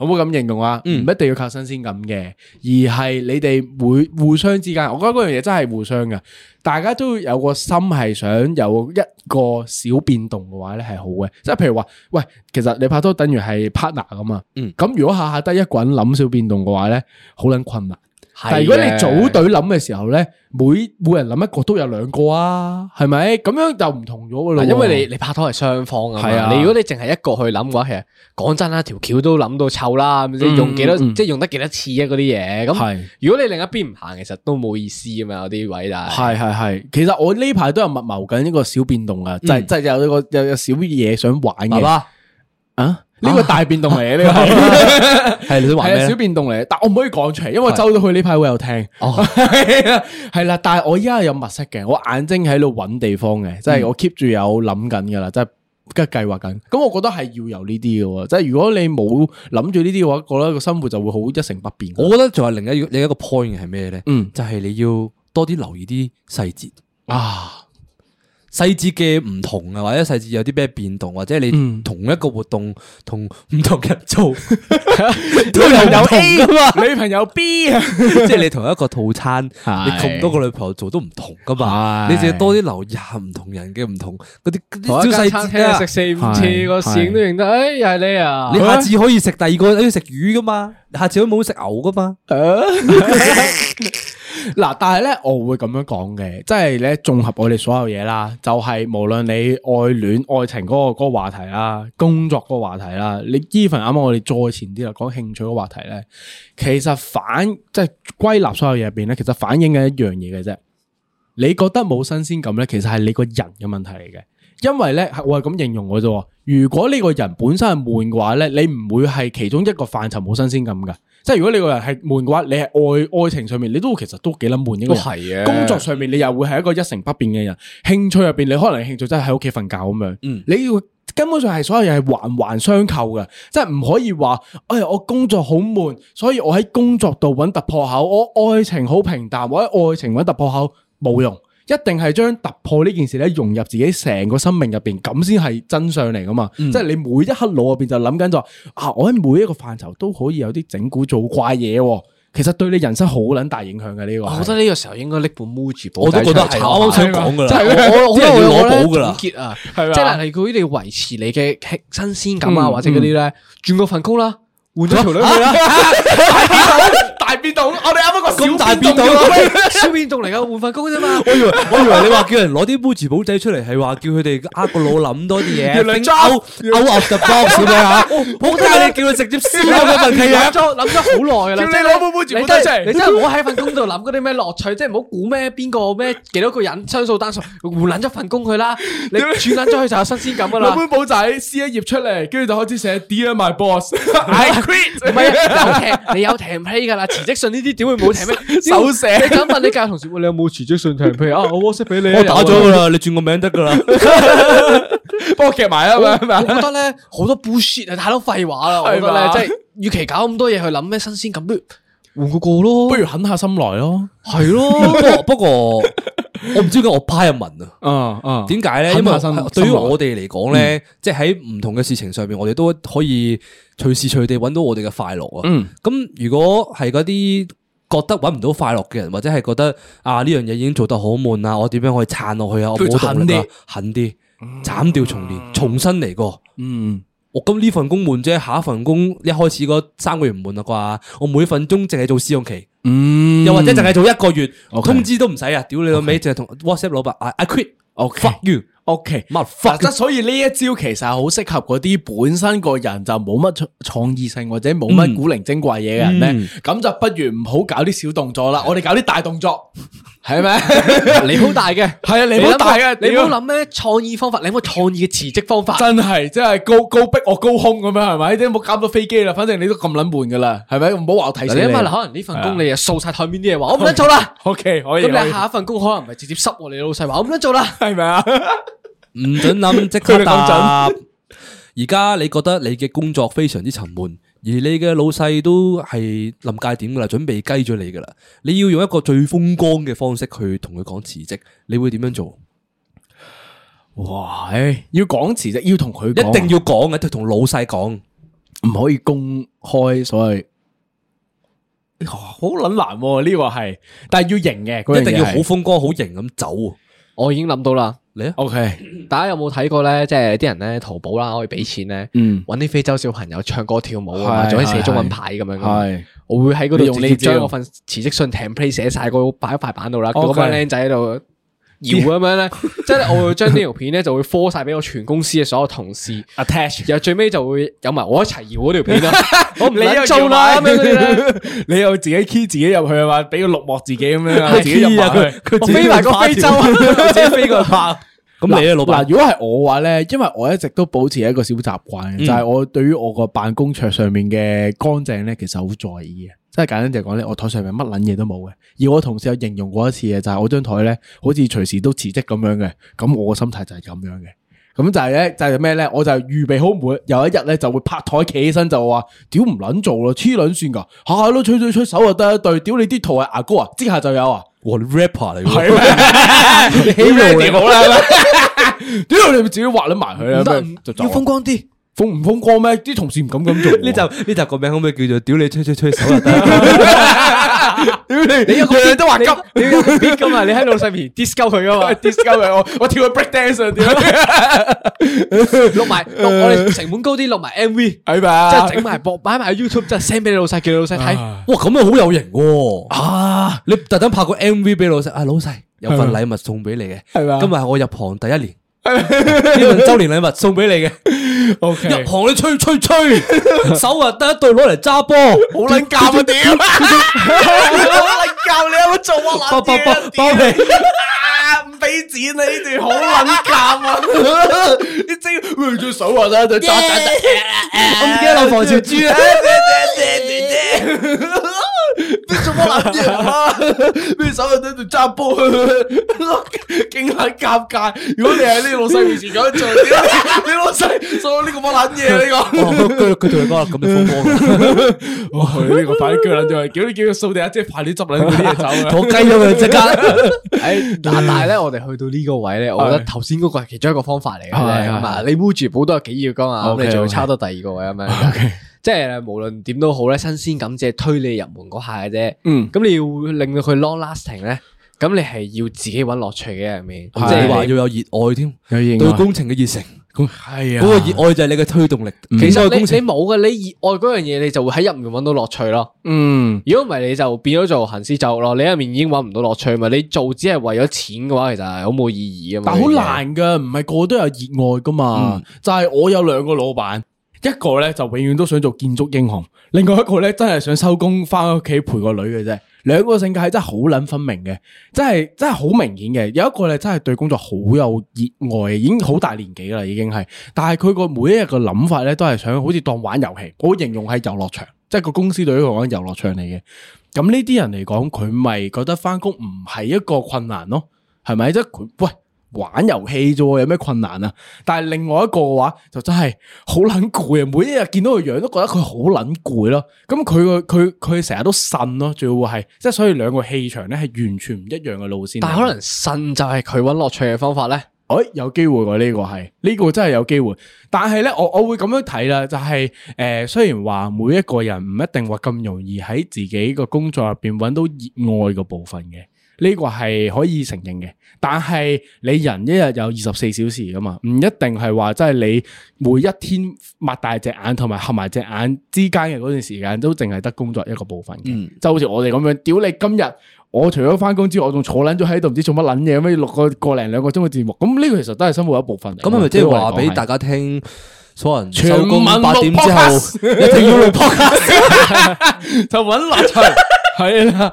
我冇咁形容啊，唔、嗯、一定要靠新鮮感嘅，而係你哋互互相之間，我覺得嗰樣嘢真係互相嘅，大家都有個心係想有一個小變動嘅話咧係好嘅，即係譬如話，喂，其實你拍拖等於係 partner 㗎嘛，咁、嗯、如果下下得一個人諗小變動嘅話咧，好撚困難。是但如果你組隊諗嘅時候咧，每每人諗一個都有兩個啊，係咪？咁樣就唔同咗咯，啊。因為你你拍拖係雙方啊，是的 你如果你淨係一個去諗嘅話，其實講真啦，條橋都諗到臭啦。你、嗯、用幾多，嗯、即係用得幾多次啊？嗰啲嘢咁。是的 如果你另一邊唔行，其實都冇意思啊嘛。有啲位就係。係係係其實我呢排都有密謀緊一個小變動啊，即、嗯、即係即係、有一個有有少少嘢想玩嘅。爸爸啊！呢、啊、個大變動嚟嘅，呢個係你都話咩？小變動嚟，但我唔可以講出嚟，因為周到去呢排會有聽。哦，係啦， 但係我依家有物色嘅，我眼睛喺度揾地方嘅，即係我 keep 住有諗緊噶啦，即係計計劃緊。咁我覺得係要有呢啲嘅，即係如果你冇諗住呢啲嘅話，我覺得個生活就會好一成不變。我覺得仲係另一另一個 point 係咩咧？嗯，就係你要多啲留意啲細節啊。細節嘅唔同啊，或者細節有啲咩變動，或者你同一個活動同唔同人做，都又有 A 噶嘛，女朋友 B 啊，即係你同一個套餐，你咁多個女朋友做都唔同噶嘛，你就要多啲留意下唔同人嘅唔同嗰啲啲小細節啊。食四五次個攝影都認得，哎，又係你啊！你下次可以食第二個，你要食魚噶嘛？下次都冇食牛噶嘛？嗱，但係咧，我會咁樣講嘅，即係咧，綜合我哋所有嘢啦，就係無論你愛戀、愛情嗰個嗰個話題啦，工作嗰個話題啦，你 even 啱啱我哋再前啲啦，講興趣個話題咧，其實反即係歸納所有嘢入邊咧，其實反映緊一樣嘢嘅啫。你覺得冇新鮮感咧，其實係你個人嘅問題嚟嘅，因為咧，我係咁形容嘅啫。如果呢個人本身係悶嘅話咧，你唔會係其中一個範疇冇新鮮感噶。即係如果你個人係悶嘅話，你係愛愛情上面你都其實都幾撚悶嘅。都係、哦、工作上面你又會係一個一成不變嘅人，興趣入邊你可能興趣真係喺屋企瞓覺咁樣。嗯，你要根本上係所有嘢係環環相扣嘅，即係唔可以話誒、哎、我工作好悶，所以我喺工作度搵突破口，我愛情好平淡，或者愛情搵突破口冇用。一定係將突破呢件事咧融入自己成個生命入邊，咁先係真相嚟噶嘛？即係你每一刻腦入邊就諗緊就啊，我喺每一個範疇都可以有啲整蠱做怪嘢，其實對你人生好撚大影響嘅呢個。我覺得呢個時候應該拎本 moodbook 我都覺得係，我好想講噶啦，即係我好多人要攞保噶啦，即係嗱嚟佢哋維持你嘅新鮮感啊，或者嗰啲咧，轉個份工啦。換咗條女去啦！大變動，大變動，我哋啱啱個小變動，小變動嚟噶，換份工啫嘛。我以為我以為你話叫人攞啲烏茲寶仔出嚟，係話叫佢哋呃個腦諗多啲嘢，out out the box，係咪啊？好睇你叫佢直接撕咗嗰份企嘢，諗咗好耐啦。叫你攞烏烏茲寶仔，你真係你真係唔好喺份工度諗嗰啲咩樂趣，即係唔好估咩邊個咩幾多個人雙數單數換撚咗份工佢啦。你轉撚咗佢就有新鮮感噶啦。烏茲寶仔撕一頁出嚟，跟住就開始寫 Dear my boss。唔係，停你有停批噶啦，辭職信呢啲點會冇停批？手寫你敢問啲教同事會你有冇辭職信停批啊？我 WhatsApp 俾你，我打咗啦，你轉個名得噶啦，幫我夾埋啊嘛。我覺得咧好多 bullshit 啊，太多廢話啦。係嘛，即係與其搞咁多嘢去諗咩新鮮感，不如換個個咯，不如狠下心來咯。係咯，不過。我唔知點解我派入文啊！啊啊，點解咧？因為對於我哋嚟講咧，啊啊、即係喺唔同嘅事情上面，嗯、我哋都可以隨時隨地揾到我哋嘅快樂啊！嗯，咁如果係嗰啲覺得揾唔到快樂嘅人，或者係覺得啊呢樣嘢已經做得好悶啊，我點樣可以撐落去啊？我冇動力、嗯、狠啲，嗯、狠啲，斬掉重練，重新嚟過。嗯，我今呢份工悶啫，下一份工一開始嗰三個月唔悶啦啩？我每分鐘淨係做試用期。嗯，又或者淨係做一個月，通知都唔使啊！屌你老味，就同 WhatsApp 老闆，I quit，fuck you。屋企物忽，嗱，Okay. My fuck. 所以呢一招其實係好適合嗰啲本身個人就冇乜創創意性或者冇乜古靈精怪嘢嘅人咧、嗯，咁、嗯、就不如唔好搞啲小動作啦，我哋搞啲大動作，係咪？ 你好大嘅，係啊，你好大嘅想，你冇諗咩創意方法，你有冇創意嘅辭職方法，真係，真係高高逼我高空咁樣，係咪？都冇搞到飛機啦，反正你都咁撚悶噶啦，係咪？唔好話我提醒你，你，可能呢份工你又掃晒台面啲嘢，話 我唔想做啦。O、okay, K，可以。咁你下一份工可能唔係直接濕你老細話我唔想做啦，係咪啊？唔準諗，即刻答。而家你覺得你嘅工作非常之沉悶，而你嘅老細都係臨界點噶啦，準備雞咗你噶啦。你要用一個最風光嘅方式去同佢講辭職，你會點樣做？哇！要講辭職，要同佢一定要講嘅，要同老細講，唔可以公開，所以好捻難。呢個係，但係要型嘅，佢一定要好風光、好型咁走。我已經諗到啦，嚟啊！OK，大家有冇睇過咧？即係啲人呢，淘寶啦，可以俾錢呢，揾啲、嗯、非洲小朋友唱歌跳舞啊，仲是可以寫中文牌咁樣。是我會喺嗰度用你將我份辭職信 template、嗯、寫曬，擺喺塊板度啦，嗰班僆仔喺度。搖咁樣咧，即係我會將呢條片咧就會 call 晒俾我全公司嘅所有同事 attach，然後最尾就會有埋我一齊搖嗰條片啦。我唔理你做啦，你又自己 key 自己入去啊嘛，俾個綠幕自己咁樣啊，key 入去，我飛埋個非洲，即係飛個拍。咁你咧，老闆，如果係我話咧，因為我一直都保持一個小習慣，就係我對於我個辦公桌上面嘅乾淨咧，其實好在意嘅。即係簡單就講咧，我台上面乜撚嘢都冇嘅。而我同事有形容過一次嘅就係我張台咧，好似隨時都辭職咁樣嘅。咁我個心態就係咁樣嘅。咁就係咧，就係咩咧？我就預備好每有一日咧，就會拍台企起身就話：屌唔撚做咯，黐撚算噶，下下都吹吹出手就得一對。屌你啲圖係牙膏啊，即下就有啊！我你 rapper 嚟嘅，你起路嚟好啦。屌你咪自己畫撚埋佢啦，就要風光啲。風唔風光咩？啲同事唔敢咁做。呢就呢就個名可唔可以叫做屌你吹吹吹手啊？屌你，你一個人都話你屌邊咁啊？今日你喺老細面 disco 佢啊嘛？disco 佢，我我跳個 break dance 啊？點啊？落埋錄我哋成本高啲，落埋 M V 係嘛？即係整埋播，擺埋 YouTube，即係 send 俾你老細，叫你老細睇。哇，咁又好有型喎！啊，你特登拍個 M V 俾老細啊，老細有份禮物送俾你嘅，係嘛？今日我入行第一年，呢份周年禮物送俾你嘅。入行你吹吹吹，手又得一對攞嚟揸波，好撚夾啊屌！好撚夾，你有冇做啊？包包包包尾。唔俾錢啊！呢段好撚尷啊！你真要用住手啊！真係揸大隻，我驚你防住豬啊！你做乜撚嘢啊？你手喺度揸波，勁撚尷尬。如果你喺呢個老細面前咁樣做，你老細做呢個乜撚嘢呢個。佢同你講話咁就封波我呢個快啲鋸撚就叫你叫佢掃地啊，即係派你執卵嘅嘢走啊。拖雞咁樣即刻。但係咧，我哋去到呢個位咧，我覺得頭先嗰個係其中一個方法嚟嘅。咁啊，你 Woojoo 寶都有幾要講啊，我哋仲要抄多第二個位咁樣。即係無論點都好咧，新鮮感只係推你入門嗰下嘅啫。嗯，咁你要令到佢 long lasting 咧，咁你係要自己揾樂趣嘅入面，即係話要有熱愛添，對工程嘅熱誠。係啊，嗰個熱愛就係你嘅推動力。嗯、其實你司你冇嘅，你熱愛嗰樣嘢，你就會喺入面揾到樂趣咯。嗯，如果唔係，你就變咗做行屍走肉咯。你入面已經揾唔到樂趣咪？你做只係為咗錢嘅話，其實係好冇意義嘅。但係好難噶，唔係個個都有熱愛噶嘛。嗯、就係我有兩個老闆，一個呢就永遠都想做建築英雄，另外一個呢真係想收工返屋企陪個女嘅啫。兩個性格係真係好捻分明嘅，真係真係好明顯嘅。有一個咧，真係對工作好有熱愛，已經好大年紀啦，已經係。但係佢個每一日嘅諗法咧，都係想好似當玩遊戲。我形容係遊樂場，即係個公司對於佢玩遊樂場嚟嘅。咁呢啲人嚟講，佢咪覺得翻工唔係一個困難咯？係咪？即係佢喂。玩遊戲啫，有咩困難啊？但係另外一個嘅話，就真係好捻攰啊！每一日見到個樣，都覺得佢好捻攰咯。咁佢佢佢成日都呻咯，仲要會係即係，所以兩個氣場咧係完全唔一樣嘅路線。但係可能呻就係佢揾樂趣嘅方法咧。誒、哎，有機會喎、啊，呢、這個係呢、這個真係有機會。但係咧，我我會咁樣睇啦、就是，就係誒，雖然話每一個人唔一定話咁容易喺自己個工作入邊揾到熱愛個部分嘅。呢個係可以承認嘅，但係你人一日有二十四小時㗎嘛，唔一定係話即係你每一天擘大隻眼同埋合埋隻眼之間嘅嗰段時間都淨係得工作一個部分嘅。嗯、就好似我哋咁樣，屌你今日我除咗返工之外，我仲坐撚咗喺度，唔知做乜撚嘢，咁樣錄個個零兩個鐘嘅節目。咁呢個其實都係生活一部分。咁係咪即係話俾大家聽？所有人唱晚八點之後，唱晚啦！ 係啦，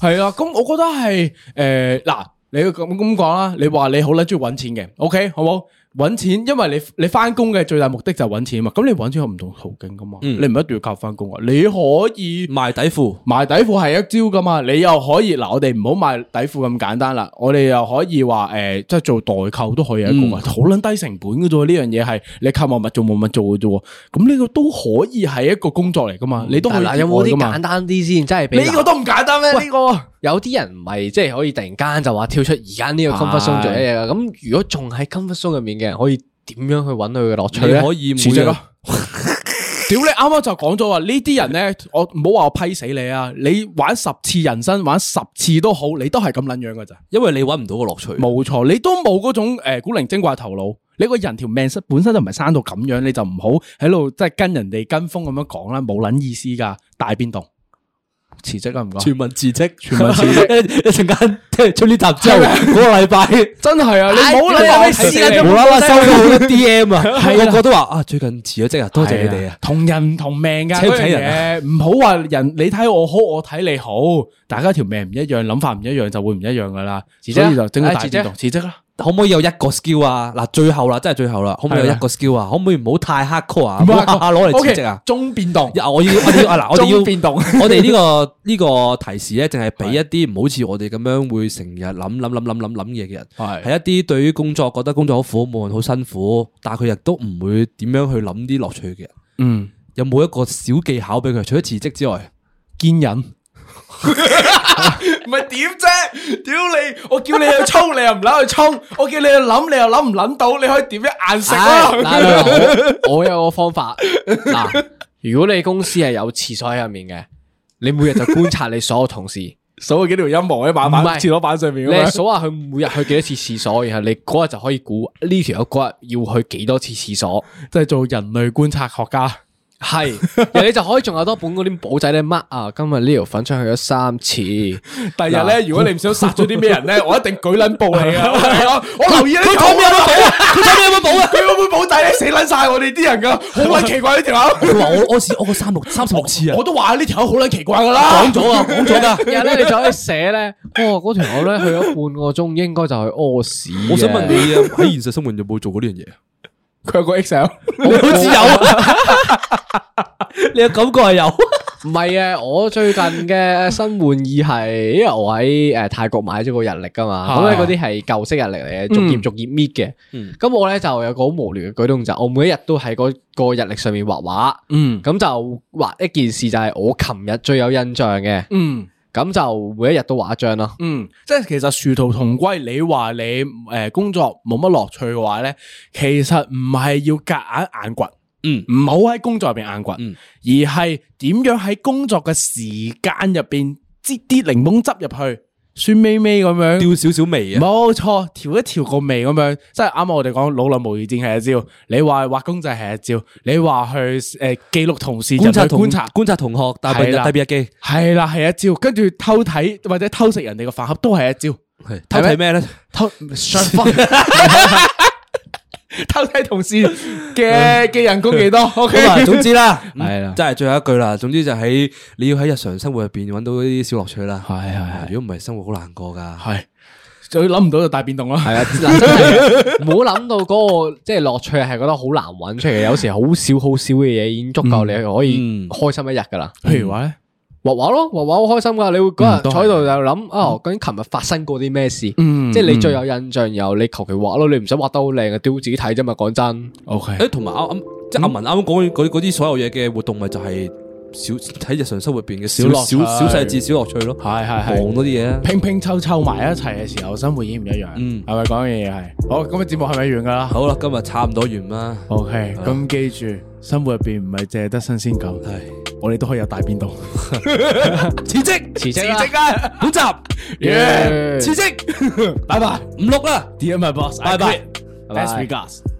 係啦是，咁 我覺得係誒，嗱、呃，你咁咁講啦，你話你好咧，中意搵錢嘅，OK，好冇？搵錢，因為你你翻工嘅最大目的就係搵錢啊嘛，咁你搵錢有唔同途徑噶嘛，嗯、你唔一定要靠翻工啊，你可以賣底褲，賣底褲係一招噶嘛，你又可以嗱我哋唔好賣底褲咁簡單啦，我哋又可以話誒、呃，即係做代購都可以一個，好卵、嗯、低成本嘅啫，呢樣嘢係你購物勿做冇乜做嘅啫，咁呢個都可以係一個工作嚟噶嘛，嗯、你都係、嗯、有冇啲簡單啲先，真係俾呢個都唔簡單咩？呢喂、這個有啲人唔係即係可以突然間就話跳出而家呢個 comfort zone 做嘢咁，如果仲喺 comfort zone 入面。嘅人可以點樣去揾佢嘅樂趣咧？你可以唔只咯，屌你啱啱就講咗話呢啲人咧，我唔好話我批死你啊！你玩十次人生，玩十次都好，你都係咁撚樣嘅咋？因為你揾唔到個樂趣，冇錯，你都冇嗰種誒、呃、古靈精怪嘅頭腦。你個人條命身本身就唔係生到咁樣，你就唔好喺度即係跟人哋跟風咁樣講啦，冇撚意思噶，大變動。辭職啊！唔講全民辭職，全民辭職，一陣間即係出呢集之後，嗰個禮拜真係啊，冇理由你撕啦，無啦啦收咗啲 DM 啊，係個個都話啊，最近辭咗職啊，多謝你哋啊，同人唔同命噶，唔好話人你睇我好，我睇你好，大家條命唔一樣，諗法唔一樣就會唔一樣噶啦，所以就整個大調動辭職啦。可唔可以有一個 skill 啊？嗱，最後啦，真係最後啦，可唔可以有一個 skill 啊？的可唔可以唔好太 hard core 啊？唔啊，攞嚟辭職啊？中變動， 中變動 我，我要，我要啊，嗱，我哋要，我哋呢 變動、 這個呢、這個提示咧，淨係俾一啲唔好似我哋咁樣會成日諗諗諗諗諗諗嘢嘅人，係係的的一啲對於工作覺得工作好苦、冇人好辛苦，但係佢亦都唔會點樣去諗啲樂趣嘅人。嗯，有冇一個小技巧俾佢？除咗辭職之外，堅韌。唔係點啫？屌你！ 我叫你去沖，你又唔拉去沖；我叫你去諗，你又諗唔諗到？你可以點樣硬食、 哎我？我有個方法嗱，如果你公司係有廁所喺入面嘅，你每日就觀察你所有同事數 幾條陰毛喺晚晚廁所板上面，你數下佢每日去幾多次廁所，然後你嗰日就可以估呢條日要去幾多次廁所，即係做人類觀察學家。係，你就可以仲有多本嗰啲簿仔咧。乜啊？今日呢條粉腸去咗三次，第日咧，如果你唔想殺咗啲咩人咧， 我一定舉捻報嚟啊。是是我留意咧，佢 有冇簿啊？佢有冇簿啊？佢本唔會簿大咧？死捻晒我哋啲人噶，好鬼奇怪呢條狗。佢話我屙屎屙過三六三十六次啊！我，我都話呢條好鬼奇怪噶啦。講咗啊，講咗噶。然後咧就喺寫咧，哇！嗰條狗咧去咗半個鐘，應該就去屙屎。我想問你啊，喺現實生活有冇做過呢樣嘢？佢個 XL，好似有，啊， 你嘅感覺係有，唔係啊！我最近嘅新玩意係，因為我喺誒泰國買咗個日曆噶嘛，咁咧啲係舊式日曆嚟嘅，逐頁逐頁搣嘅。咁，嗯，我咧就有個好無聊嘅舉動，就是，我每一日都喺個個日曆上面畫畫。嗯，咁就畫一件事，就係我琴日最有印象嘅。嗯。咁就每一日都畫一張啦。嗯，即係其實殊途同歸。你話你誒工作冇乜樂趣嘅話咧，其實唔係要夾硬，硬眼掘，嗯，唔好喺工作入邊眼掘，嗯、而係點樣喺工作嘅時間入邊，擠啲檸檬汁入去。酸微微咁樣調少少味啊，冇錯，調一調個味咁樣，即係啱啱我哋講老來無語戰係一招，你話畫公仔係一招，你話去誒記錄同事觀察觀察觀察同學帶筆記帶筆記機係啦係一招，跟住偷睇或者偷食人哋個飯盒都係一招，係偷睇咩咧偷三分。 偷睇同事嘅嘅 人工幾多？Okay? 好 k 總之啦，係啦，真係最後一句啦。總之就喺你要喺日常生活入邊揾到啲小樂趣啦。係係係，如果唔係，生活好難過噶。係，最諗唔到就大變動啦。係啊，冇諗 到嗰、嗰個即係樂趣係覺得好難揾出嚟，有時好少好少嘅嘢已經足夠你可以開心一日噶啦。譬、嗯嗯、如話咧。嗯畫畫咯，畫畫好開心噶。你會嗰日坐喺度就諗，啊，究竟琴日發生過啲咩事？即係你最有印象又，你求其畫咯，你唔使畫到好靚嘅，都自己睇啫嘛。講真，OK。同埋啱啱即係阿文啱講嗰啲所有嘢嘅活動，咪就係小睇日常生活邊嘅小樂小小細節、小樂趣咯。係系系，忙嗰啲嘢，拼拼湊湊埋一齊嘅時候，生活已經唔一樣。嗯，係咪講緊嘢係？好，今日節目係咪一樣噶啦？好啦，今日差唔多完啦。OK，咁記住，生活入邊唔係淨係得新鮮感。係。我哋都可以有大變動辭職，辭職啦，補習，辭職、yeah!，拜拜，唔錄啦，Dear my boss，拜拜，Best regards。